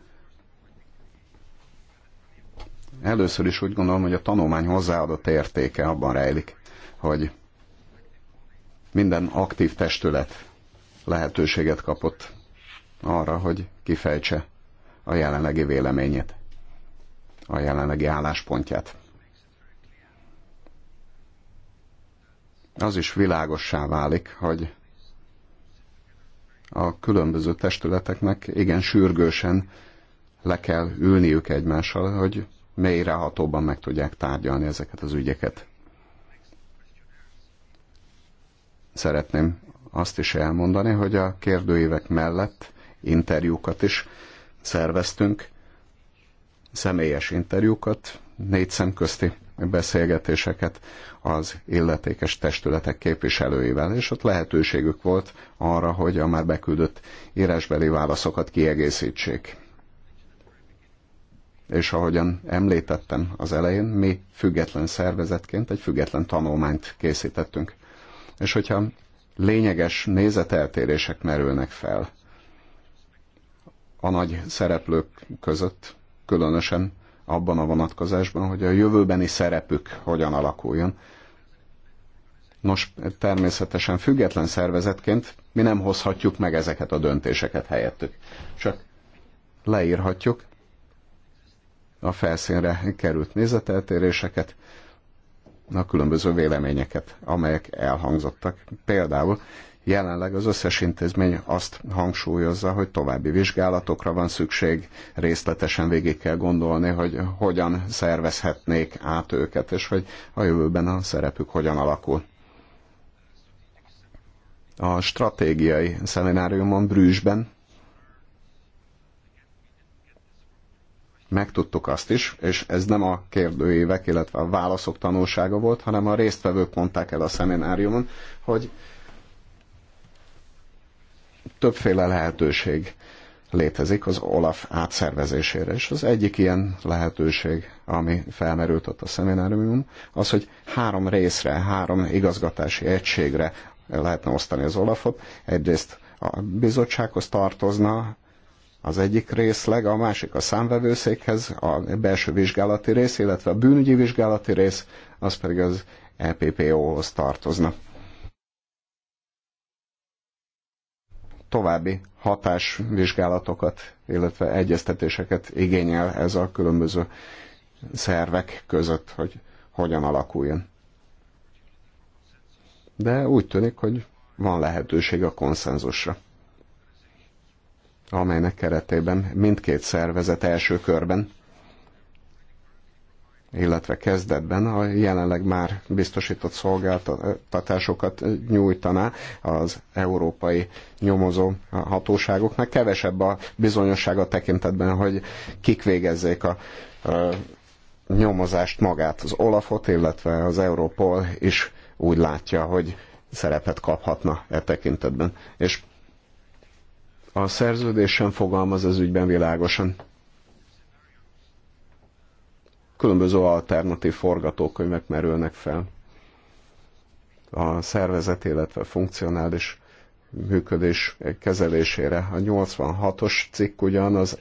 Először is úgy gondolom, hogy a tanulmány hozzáadott értéke abban rejlik, hogy minden aktív testület lehetőséget kapott arra, hogy kifejtse a jelenlegi véleményét, a jelenlegi álláspontját. Az is világossá válik, hogy a különböző testületeknek igen sürgősen le kell ülniük egymással, hogy hatóban meg tudják tárgyalni ezeket az ügyeket. Szeretném azt is elmondani, hogy a kérdőívek mellett interjúkat is szerveztünk, személyes interjúkat négy szem közti beszélgetéseket az illetékes testületek képviselőivel, és ott lehetőségük volt arra, hogy a már beküldött írásbeli válaszokat kiegészítsék. És ahogyan említettem az elején, mi független szervezetként egy független tanulmányt készítettünk. És hogyha lényeges nézeteltérések merülnek fel a nagy szereplők között, különösen abban a vonatkozásban, hogy a jövőbeni szerepük hogyan alakuljon. Nos, természetesen független szervezetként mi nem hozhatjuk meg ezeket a döntéseket helyettük. Csak leírhatjuk a felszínre került nézeteltéréseket, a különböző véleményeket, amelyek elhangzottak. Például Jelenleg az összes intézmény azt hangsúlyozza, hogy további vizsgálatokra van szükség, részletesen végig kell gondolni, hogy hogyan szervezhetnék át őket, és hogy a jövőben a szerepük hogyan alakul. A stratégiai szemináriumon Brűsben megtudtuk azt is, és ez nem a kérdőívek, illetve a válaszok tanulsága volt, hanem a résztvevők mondták el a szemináriumon, hogy többféle lehetőség létezik az OLAF átszervezésére, és az egyik ilyen lehetőség, ami felmerült ott a szemináriumon, az, hogy három részre, három igazgatási egységre lehetne osztani az OLAF-ot. Egyrészt a bizottsághoz tartozna az egyik részleg, a másik a számvevőszékhez, a belső vizsgálati rész, illetve a bűnügyi vizsgálati rész, az pedig az EPPO-hoz tartozna. további hatásvizsgálatokat, illetve egyeztetéseket igényel ez a különböző szervek között, hogy hogyan alakuljon. De úgy tűnik, hogy van lehetőség a konszenzusra, amelynek keretében mindkét szervezet első körben illetve kezdetben a jelenleg már biztosított szolgáltatásokat nyújtaná az európai nyomozó hatóságoknak. Kevesebb a bizonyossága tekintetben, hogy kik végezzék a nyomozást magát. Az Olafot, illetve az Europol is úgy látja, hogy szerepet kaphatna e tekintetben. És a szerződésen fogalmaz az ügyben világosan különböző alternatív forgatókönyvek merülnek fel a szervezet, illetve funkcionális működés kezelésére. A 86-os cikk ugyan az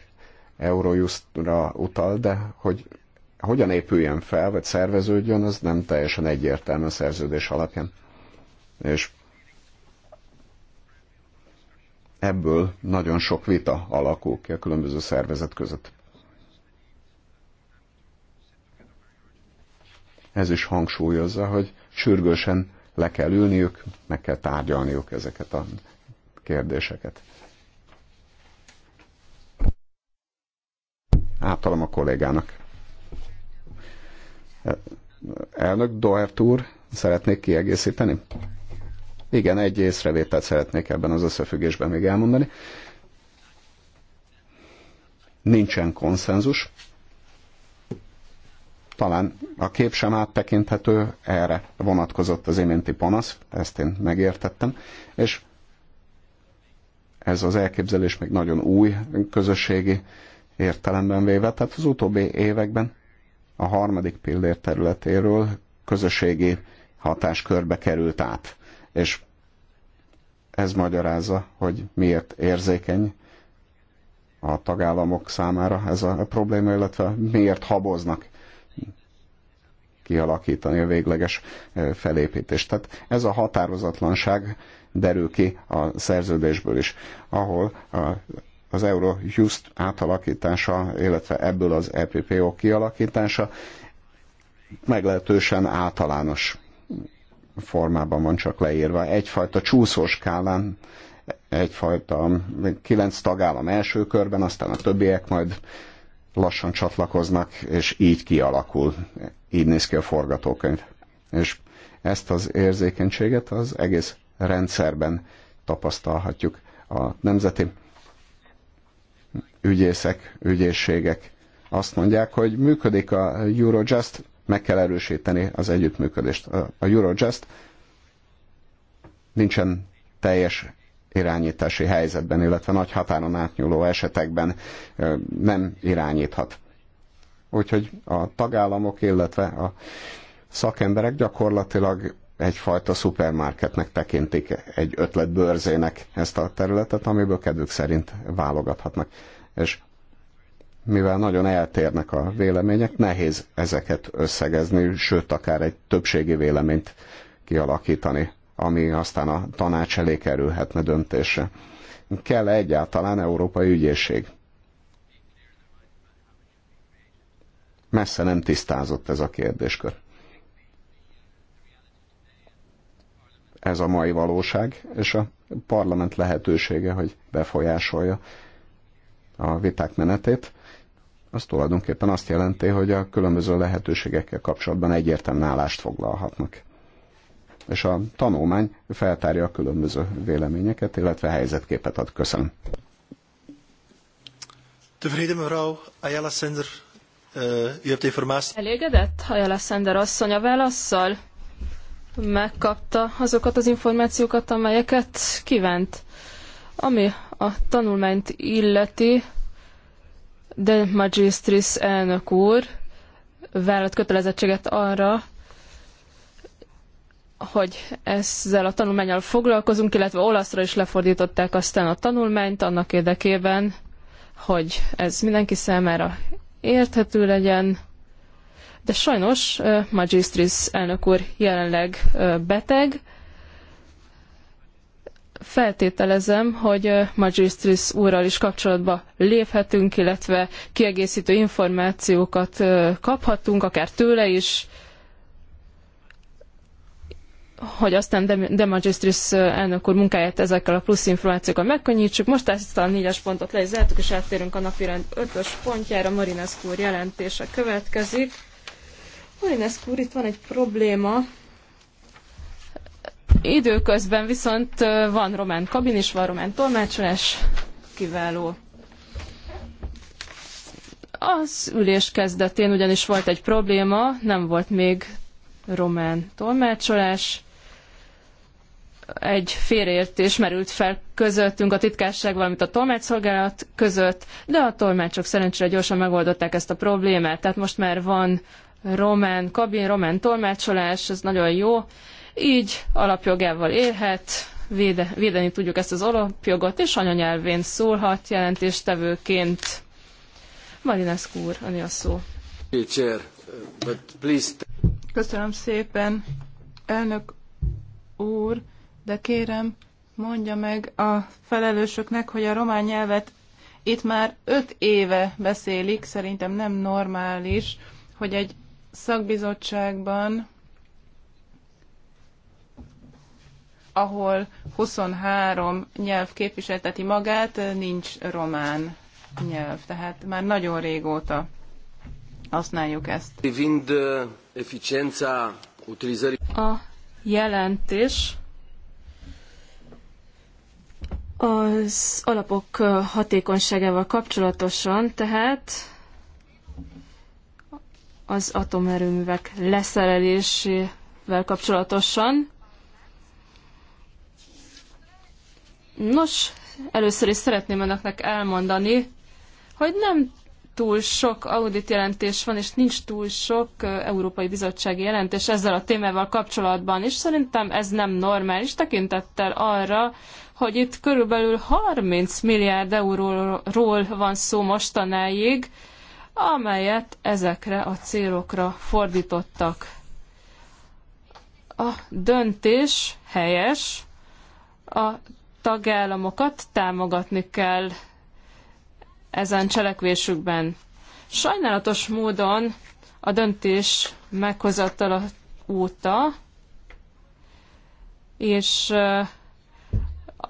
Eurojustra utal, de hogy hogyan épüljen fel, vagy szerveződjön, az nem teljesen egyértelmű a szerződés alapján. És ebből nagyon sok vita alakul ki a különböző szervezet között. ez is hangsúlyozza, hogy sürgősen le kell ülniük, meg kell tárgyalniuk ezeket a kérdéseket. Átadom a kollégának. Elnök Doert úr, szeretnék kiegészíteni? Igen, egy észrevételt szeretnék ebben az összefüggésben még elmondani. Nincsen konszenzus talán a kép sem áttekinthető, erre vonatkozott az iménti panasz, ezt én megértettem, és ez az elképzelés még nagyon új közösségi értelemben véve, tehát az utóbbi években a harmadik pillér területéről közösségi hatáskörbe került át. És ez magyarázza, hogy miért érzékeny a tagállamok számára ez a probléma, illetve miért haboznak kialakítani a végleges felépítést. Tehát ez a határozatlanság derül ki a szerződésből is, ahol a az Eurojust átalakítása, illetve ebből az EPPO kialakítása meglehetősen általános formában van csak leírva. Egyfajta csúszós egyfajta kilenc tagállam első körben, aztán a többiek majd lassan csatlakoznak, és így kialakul, így néz ki a forgatókönyv. És ezt az érzékenységet az egész rendszerben tapasztalhatjuk. A nemzeti ügyészek, ügyészségek azt mondják, hogy működik a Eurojust, meg kell erősíteni az együttműködést. A Eurojust nincsen teljes irányítási helyzetben, illetve nagy határon átnyúló esetekben nem irányíthat. Úgyhogy a tagállamok, illetve a szakemberek gyakorlatilag egyfajta szupermarketnek tekintik, egy ötletbőrzének ezt a területet, amiből kedvük szerint válogathatnak. És mivel nagyon eltérnek a vélemények, nehéz ezeket összegezni, sőt, akár egy többségi véleményt kialakítani ami aztán a tanács elé kerülhetne döntése. kell -e egyáltalán európai ügyészség? Messze nem tisztázott ez a kérdéskör. Ez a mai valóság, és a parlament lehetősége, hogy befolyásolja a viták menetét, az tulajdonképpen azt jelenti, hogy a különböző lehetőségekkel kapcsolatban egyértelmű állást foglalhatnak és a tanulmány feltárja a különböző véleményeket, illetve helyzetképet ad. Köszönöm. Tevreden mevrouw Ayala Sender, eh, u hebt informatie. Elégedett Ayala Sender asszony a válaszsal? Megkapta azokat az információkat, amelyeket kívánt. Ami a tanulmányt illeti, de Magistris elnök úr vállalt kötelezettséget arra, hogy ezzel a tanulmányal foglalkozunk, illetve olaszra is lefordították aztán a tanulmányt annak érdekében, hogy ez mindenki számára érthető legyen. De sajnos Magistris elnök úr jelenleg beteg. Feltételezem, hogy Magistris úrral is kapcsolatba léphetünk, illetve kiegészítő információkat kaphatunk, akár tőle is, hogy aztán De Magistris elnök úr munkáját ezekkel a plusz információkkal megkönnyítsük. Most ezt a négyes pontot le is zártuk, és áttérünk a napirend ötös pontjára. Marinescu úr jelentése következik. Marinescu úr, itt van egy probléma. Időközben viszont van román kabin és van román tolmácsolás. Kiváló. Az ülés kezdetén ugyanis volt egy probléma, nem volt még román tolmácsolás egy félreértés merült fel közöttünk, a titkárság, valamint a tolmácsszolgálat között, de a tolmácsok szerencsére gyorsan megoldották ezt a problémát, tehát most már van román kabin, román tolmácsolás, ez nagyon jó, így alapjogával élhet, véde, védeni tudjuk ezt az alapjogot, és anyanyelvén szólhat jelentéstevőként. Marinescu úr, a szó. Köszönöm szépen, elnök úr, de kérem, mondja meg a felelősöknek, hogy a román nyelvet itt már öt éve beszélik, szerintem nem normális, hogy egy szakbizottságban, ahol 23 nyelv képviselteti magát, nincs román nyelv. Tehát már nagyon régóta használjuk ezt. Eh, a jelentés az alapok hatékonyságával kapcsolatosan, tehát az atomerőművek leszerelésével kapcsolatosan. Nos, először is szeretném önöknek elmondani, hogy nem túl sok audit jelentés van, és nincs túl sok Európai Bizottsági jelentés ezzel a témával kapcsolatban, és szerintem ez nem normális tekintettel arra, hogy itt körülbelül 30 milliárd euróról van szó mostanáig, amelyet ezekre a célokra fordítottak. A döntés helyes, a tagállamokat támogatni kell ezen cselekvésükben. Sajnálatos módon a döntés meghozatala óta, és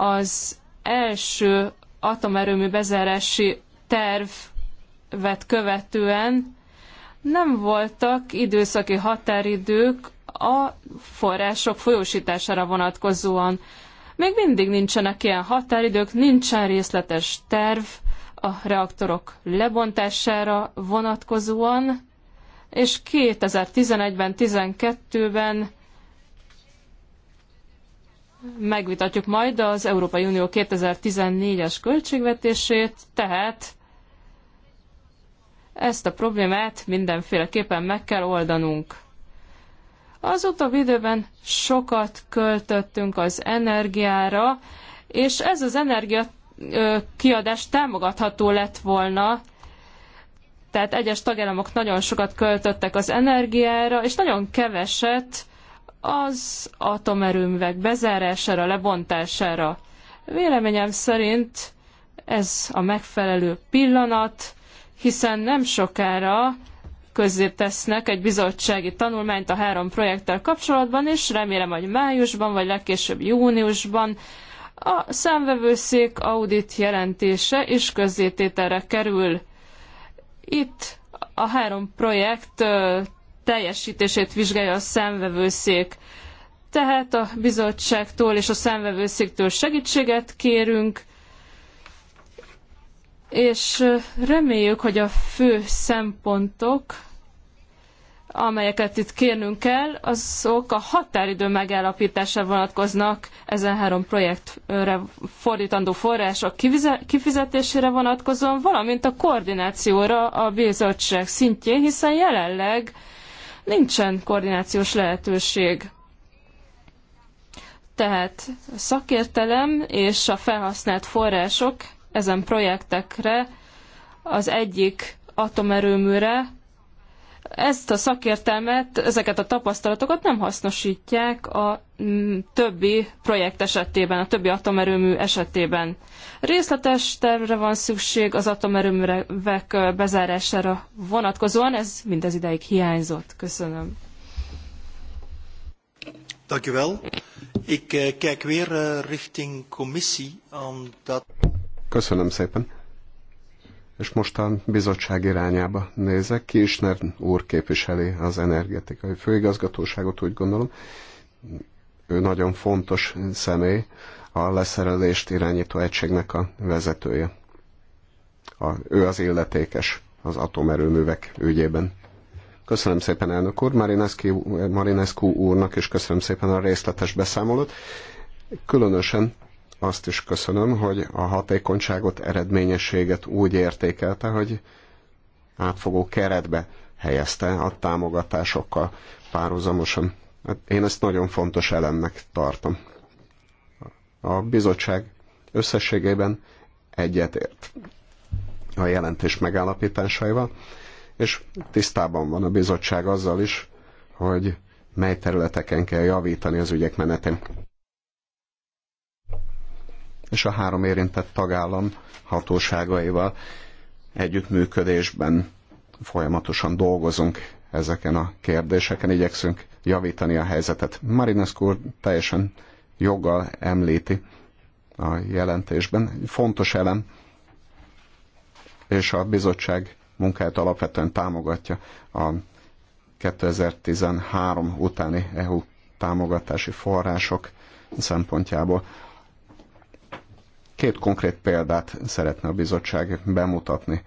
az első atomerőmű bezárási tervet követően nem voltak időszaki határidők a források folyósítására vonatkozóan. Még mindig nincsenek ilyen határidők, nincsen részletes terv a reaktorok lebontására vonatkozóan, és 2011-ben, 12 ben megvitatjuk majd az Európai Unió 2014-es költségvetését, tehát ezt a problémát mindenféleképpen meg kell oldanunk. Az utóbbi időben sokat költöttünk az energiára, és ez az energia kiadás támogatható lett volna, tehát egyes tagállamok nagyon sokat költöttek az energiára, és nagyon keveset az atomerőművek bezárására, lebontására. Véleményem szerint ez a megfelelő pillanat, hiszen nem sokára közzé tesznek egy bizottsági tanulmányt a három projekttel kapcsolatban, és remélem, hogy májusban, vagy legkésőbb júniusban a számvevőszék audit jelentése is közzétételre kerül. Itt a három projekt teljesítését vizsgálja a szemvevőszék. Tehát a bizottságtól és a szemvevőszéktől segítséget kérünk, és reméljük, hogy a fő szempontok, amelyeket itt kérnünk kell, azok a határidő megállapítására vonatkoznak ezen három projektre fordítandó források kifizetésére vonatkozóan, valamint a koordinációra a bizottság szintjén, hiszen jelenleg nincsen koordinációs lehetőség. Tehát a szakértelem és a felhasznált források ezen projektekre az egyik atomerőműre ezt a szakértelmet, ezeket a tapasztalatokat nem hasznosítják a mm, többi projekt esetében, a többi atomerőmű esetében. Részletes tervre van szükség az atomerőművek bezárására vonatkozóan, ez mindez ideig hiányzott. Köszönöm. Dank u wel. Ik eh, kijk weer eh, richting commissie, omdat... Köszönöm szépen. És most a bizottság irányába nézek, Kisner úr képviseli az energetikai főigazgatóságot, úgy gondolom. Ő nagyon fontos személy, a leszerelést irányító egységnek a vezetője. A, ő az illetékes az atomerőművek ügyében. Köszönöm szépen, elnök úr, Marinescu úrnak, és köszönöm szépen a részletes beszámolót. Különösen azt is köszönöm, hogy a hatékonyságot, eredményességet úgy értékelte, hogy átfogó keretbe helyezte a támogatásokkal párhuzamosan. Hát én ezt nagyon fontos elemnek tartom. A bizottság összességében egyetért a jelentés megállapításaival, és tisztában van a bizottság azzal is, hogy mely területeken kell javítani az ügyek menetén és a három érintett tagállam hatóságaival együttműködésben folyamatosan dolgozunk ezeken a kérdéseken, igyekszünk javítani a helyzetet. Marinescu úr teljesen joggal említi a jelentésben. Fontos elem, és a bizottság munkáját alapvetően támogatja a 2013 utáni EU támogatási források szempontjából. Két konkrét példát szeretne a bizottság bemutatni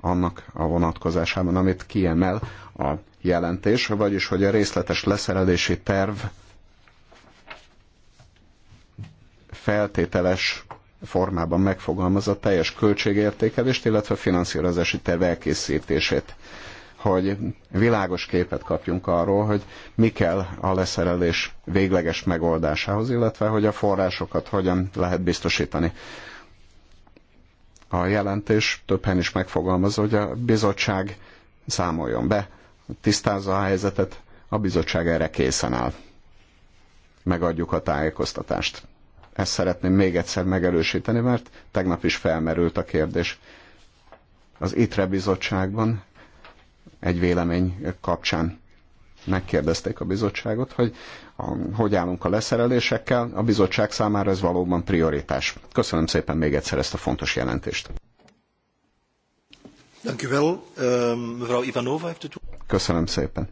annak a vonatkozásában, amit kiemel a jelentés, vagyis hogy a részletes leszerelési terv feltételes formában megfogalmazza teljes költségértékelést, illetve finanszírozási terv elkészítését hogy világos képet kapjunk arról, hogy mi kell a leszerelés végleges megoldásához, illetve hogy a forrásokat hogyan lehet biztosítani. A jelentés többen is megfogalmazza, hogy a bizottság számoljon be, tisztázza a helyzetet, a bizottság erre készen áll. Megadjuk a tájékoztatást. Ezt szeretném még egyszer megerősíteni, mert tegnap is felmerült a kérdés. Az ITRE bizottságban egy vélemény kapcsán megkérdezték a bizottságot, hogy a, hogy állunk a leszerelésekkel. A bizottság számára ez valóban prioritás. Köszönöm szépen még egyszer ezt a fontos jelentést. Ehm, Köszönöm szépen.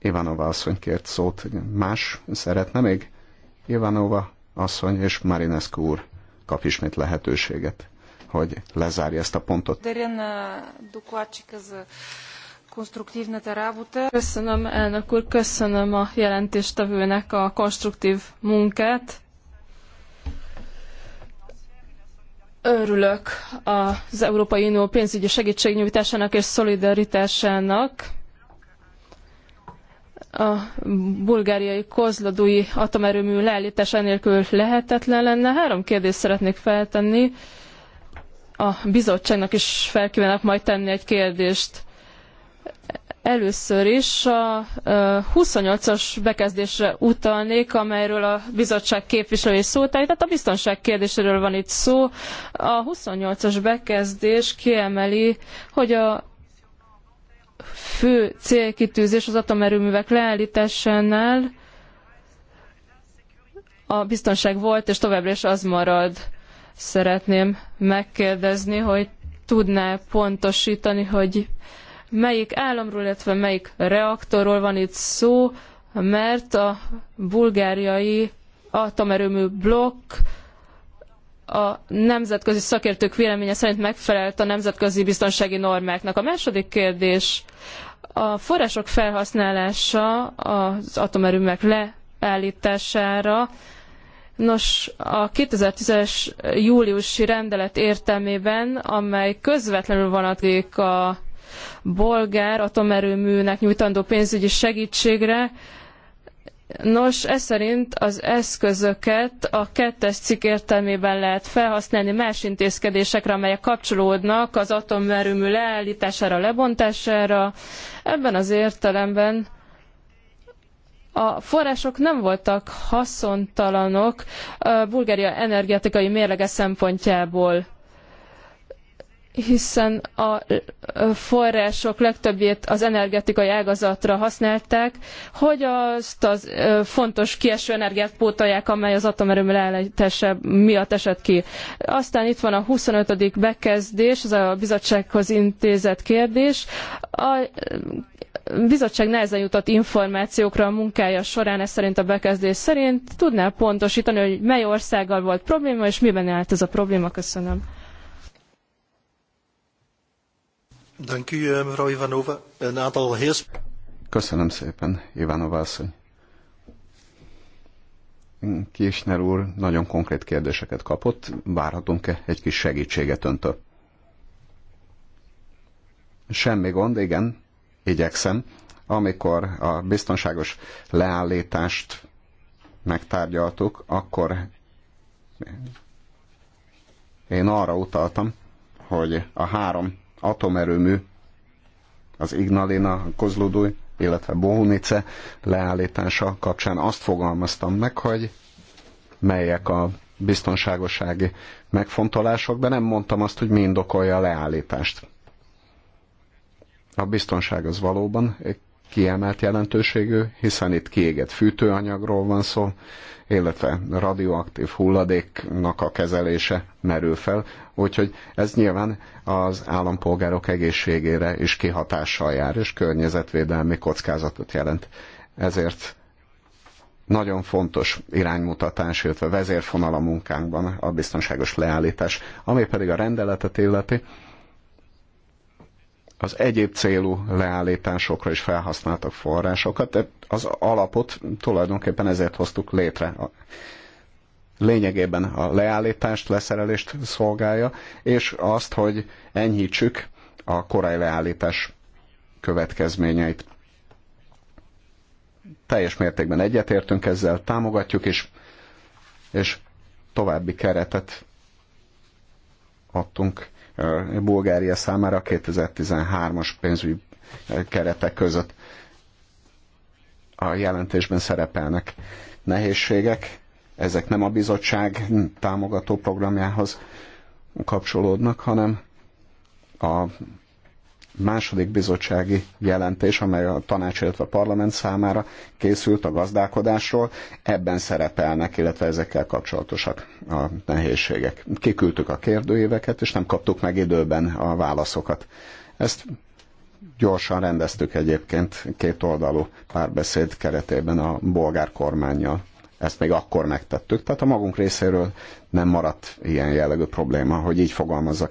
Ivanova asszony kért szót. Más szeretne még? Ivanova asszony és Marinescu úr kap ismét lehetőséget hogy lezárja ezt a pontot. Köszönöm elnök úr, köszönöm a jelentéstevőnek a konstruktív munkát. Örülök az Európai Unió pénzügyi segítségnyújtásának és szolidaritásának. A bulgáriai kozlodói atomerőmű leállítása nélkül lehetetlen lenne. Három kérdést szeretnék feltenni a bizottságnak is felkívánok majd tenni egy kérdést. Először is a 28-as bekezdésre utalnék, amelyről a bizottság képviselői szólt, tehát a biztonság kérdéséről van itt szó. A 28-as bekezdés kiemeli, hogy a fő célkitűzés az atomerőművek leállításánál a biztonság volt, és továbbra is az marad. Szeretném megkérdezni, hogy tudná pontosítani, hogy melyik államról, illetve melyik reaktorról van itt szó, mert a bulgáriai atomerőmű blokk a nemzetközi szakértők véleménye szerint megfelelt a nemzetközi biztonsági normáknak. A második kérdés, a források felhasználása az atomerőmek leállítására Nos, a 2010-es júliusi rendelet értelmében, amely közvetlenül vonatkozik a bolgár atomerőműnek nyújtandó pénzügyi segítségre, Nos, ez szerint az eszközöket a kettes cikk értelmében lehet felhasználni más intézkedésekre, amelyek kapcsolódnak az atomerőmű leállítására, lebontására. Ebben az értelemben a források nem voltak haszontalanok a Bulgária energetikai mérlege szempontjából hiszen a források legtöbbjét az energetikai ágazatra használták, hogy azt az fontos kieső energiát pótolják, amely az atomerőmű leállítása miatt esett ki. Aztán itt van a 25. bekezdés, ez a bizottsághoz intézett kérdés. A bizottság nehezen jutott információkra a munkája során, ez szerint a bekezdés szerint. Tudnál pontosítani, hogy mely országgal volt probléma, és miben állt ez a probléma? Köszönöm. Eh, Köszönöm szépen, Ivanova asszony. Kisner úr nagyon konkrét kérdéseket kapott. Várhatunk-e egy kis segítséget öntől? Semmi gond, igen igyekszem, amikor a biztonságos leállítást megtárgyaltuk, akkor én arra utaltam, hogy a három atomerőmű, az Ignalina, Kozludúj, illetve Bohunice leállítása kapcsán azt fogalmaztam meg, hogy melyek a biztonságosági megfontolások, de nem mondtam azt, hogy mi indokolja a leállítást. A biztonság az valóban kiemelt jelentőségű, hiszen itt kiégett fűtőanyagról van szó, illetve radioaktív hulladéknak a kezelése merül fel, úgyhogy ez nyilván az állampolgárok egészségére is kihatással jár, és környezetvédelmi kockázatot jelent. Ezért nagyon fontos iránymutatás, illetve vezérfonal a munkánkban a biztonságos leállítás, ami pedig a rendeletet illeti, az egyéb célú leállításokra is felhasználtak forrásokat, de az alapot tulajdonképpen ezért hoztuk létre. Lényegében a leállítást, leszerelést szolgálja, és azt, hogy enyhítsük a korai leállítás következményeit. Teljes mértékben egyetértünk ezzel, támogatjuk is, és további keretet adtunk Bulgária számára a 2013-as pénzügyi keretek között. A jelentésben szerepelnek nehézségek, ezek nem a bizottság támogató programjához kapcsolódnak, hanem a második bizottsági jelentés, amely a tanács, illetve a parlament számára készült a gazdálkodásról, ebben szerepelnek, illetve ezekkel kapcsolatosak a nehézségek. Kiküldtük a kérdőíveket, és nem kaptuk meg időben a válaszokat. Ezt gyorsan rendeztük egyébként két oldalú párbeszéd keretében a bolgár kormányjal. Ezt még akkor megtettük, tehát a magunk részéről nem maradt ilyen jellegű probléma, hogy így fogalmazok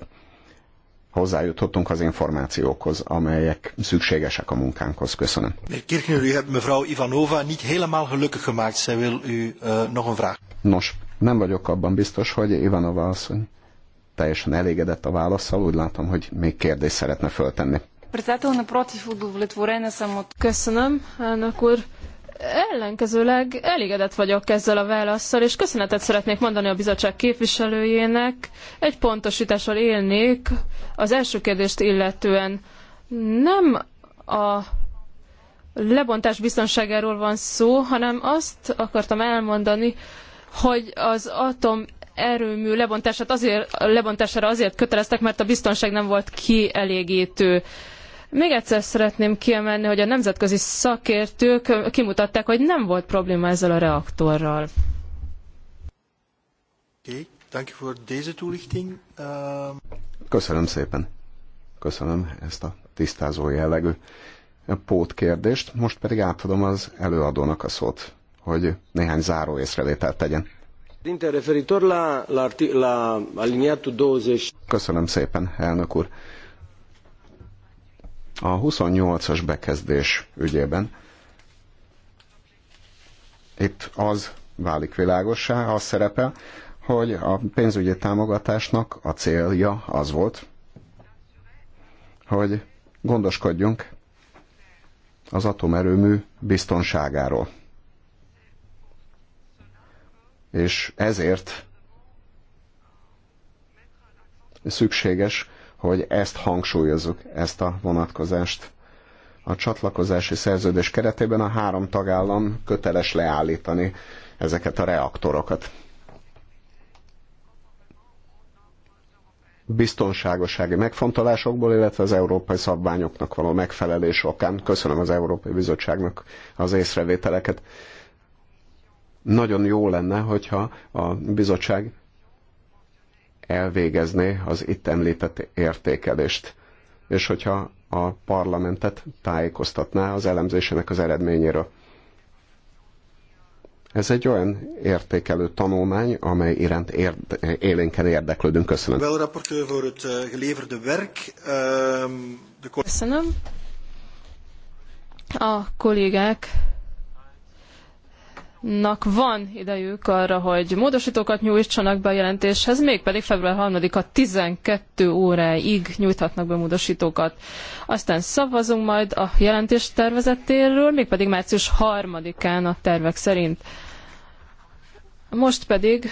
hozzájuthatunk az információkhoz, amelyek szükségesek a munkánkhoz. Köszönöm. Kirchner, u hebt mevrouw Ivanova niet helemaal gelukkig gemaakt. Zij wil u eh, nog een vraag. Nos, nem vagyok abban biztos, hogy Ivanova asszony teljesen elégedett a válaszsal. Úgy látom, hogy még kérdést szeretne föltenni. Председател, напротив, удовлетворена съм от... Köszönöm, elnök úr. Ellenkezőleg elégedett vagyok ezzel a válaszsal, és köszönetet szeretnék mondani a bizottság képviselőjének. Egy pontosítással élnék az első kérdést illetően. Nem a lebontás biztonságáról van szó, hanem azt akartam elmondani, hogy az atom erőmű lebontását azért, lebontására azért köteleztek, mert a biztonság nem volt kielégítő. Még egyszer szeretném kiemelni, hogy a nemzetközi szakértők kimutatták, hogy nem volt probléma ezzel a reaktorral. Ehm, Köszönöm szépen. Köszönöm ezt a tisztázó jellegű pótkérdést. Most pedig átadom az előadónak a szót, hogy néhány záró észrevételt tegyen. Köszönöm szépen, elnök úr. A 28-as bekezdés ügyében itt az válik világossá, az szerepel, hogy a pénzügyi támogatásnak a célja az volt, hogy gondoskodjunk az atomerőmű biztonságáról. És ezért szükséges hogy ezt hangsúlyozzuk, ezt a vonatkozást. A csatlakozási szerződés keretében a három tagállam köteles leállítani ezeket a reaktorokat. biztonságosági megfontolásokból, illetve az európai szabványoknak való megfelelés okán. Köszönöm az Európai Bizottságnak az észrevételeket. Nagyon jó lenne, hogyha a bizottság elvégezni az itt említett értékelést. És hogyha a parlamentet tájékoztatná az elemzésének az eredményéről. Ez egy olyan értékelő tanulmány, amely iránt érde, élénken érdeklődünk. Köszönöm. Eh, ehm, Köszönöm. A kollégák nak van idejük arra, hogy módosítókat nyújtsanak be a jelentéshez, mégpedig február 3-a 12 óráig nyújthatnak be módosítókat. Aztán szavazunk majd a jelentés tervezetéről, mégpedig március 3-án a tervek szerint. Most pedig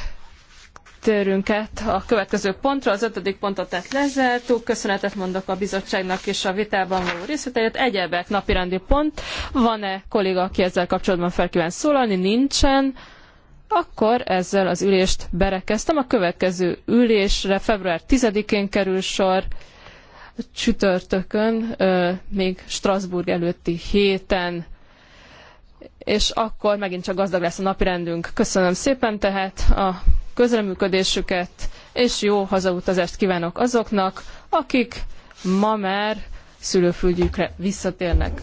áttérünk a következő pontra. Az ötödik pontot tehát lezártuk. Köszönetet mondok a bizottságnak és a vitában való részvételért. Egyebek napirendi pont. Van-e kolléga, aki ezzel kapcsolatban fel kíván szólalni? Nincsen. Akkor ezzel az ülést berekeztem. A következő ülésre február 10-én kerül sor csütörtökön, még Strasbourg előtti héten, és akkor megint csak gazdag lesz a napirendünk. Köszönöm szépen tehát a közreműködésüket, és jó hazautazást kívánok azoknak, akik ma már szülőföldjükre visszatérnek.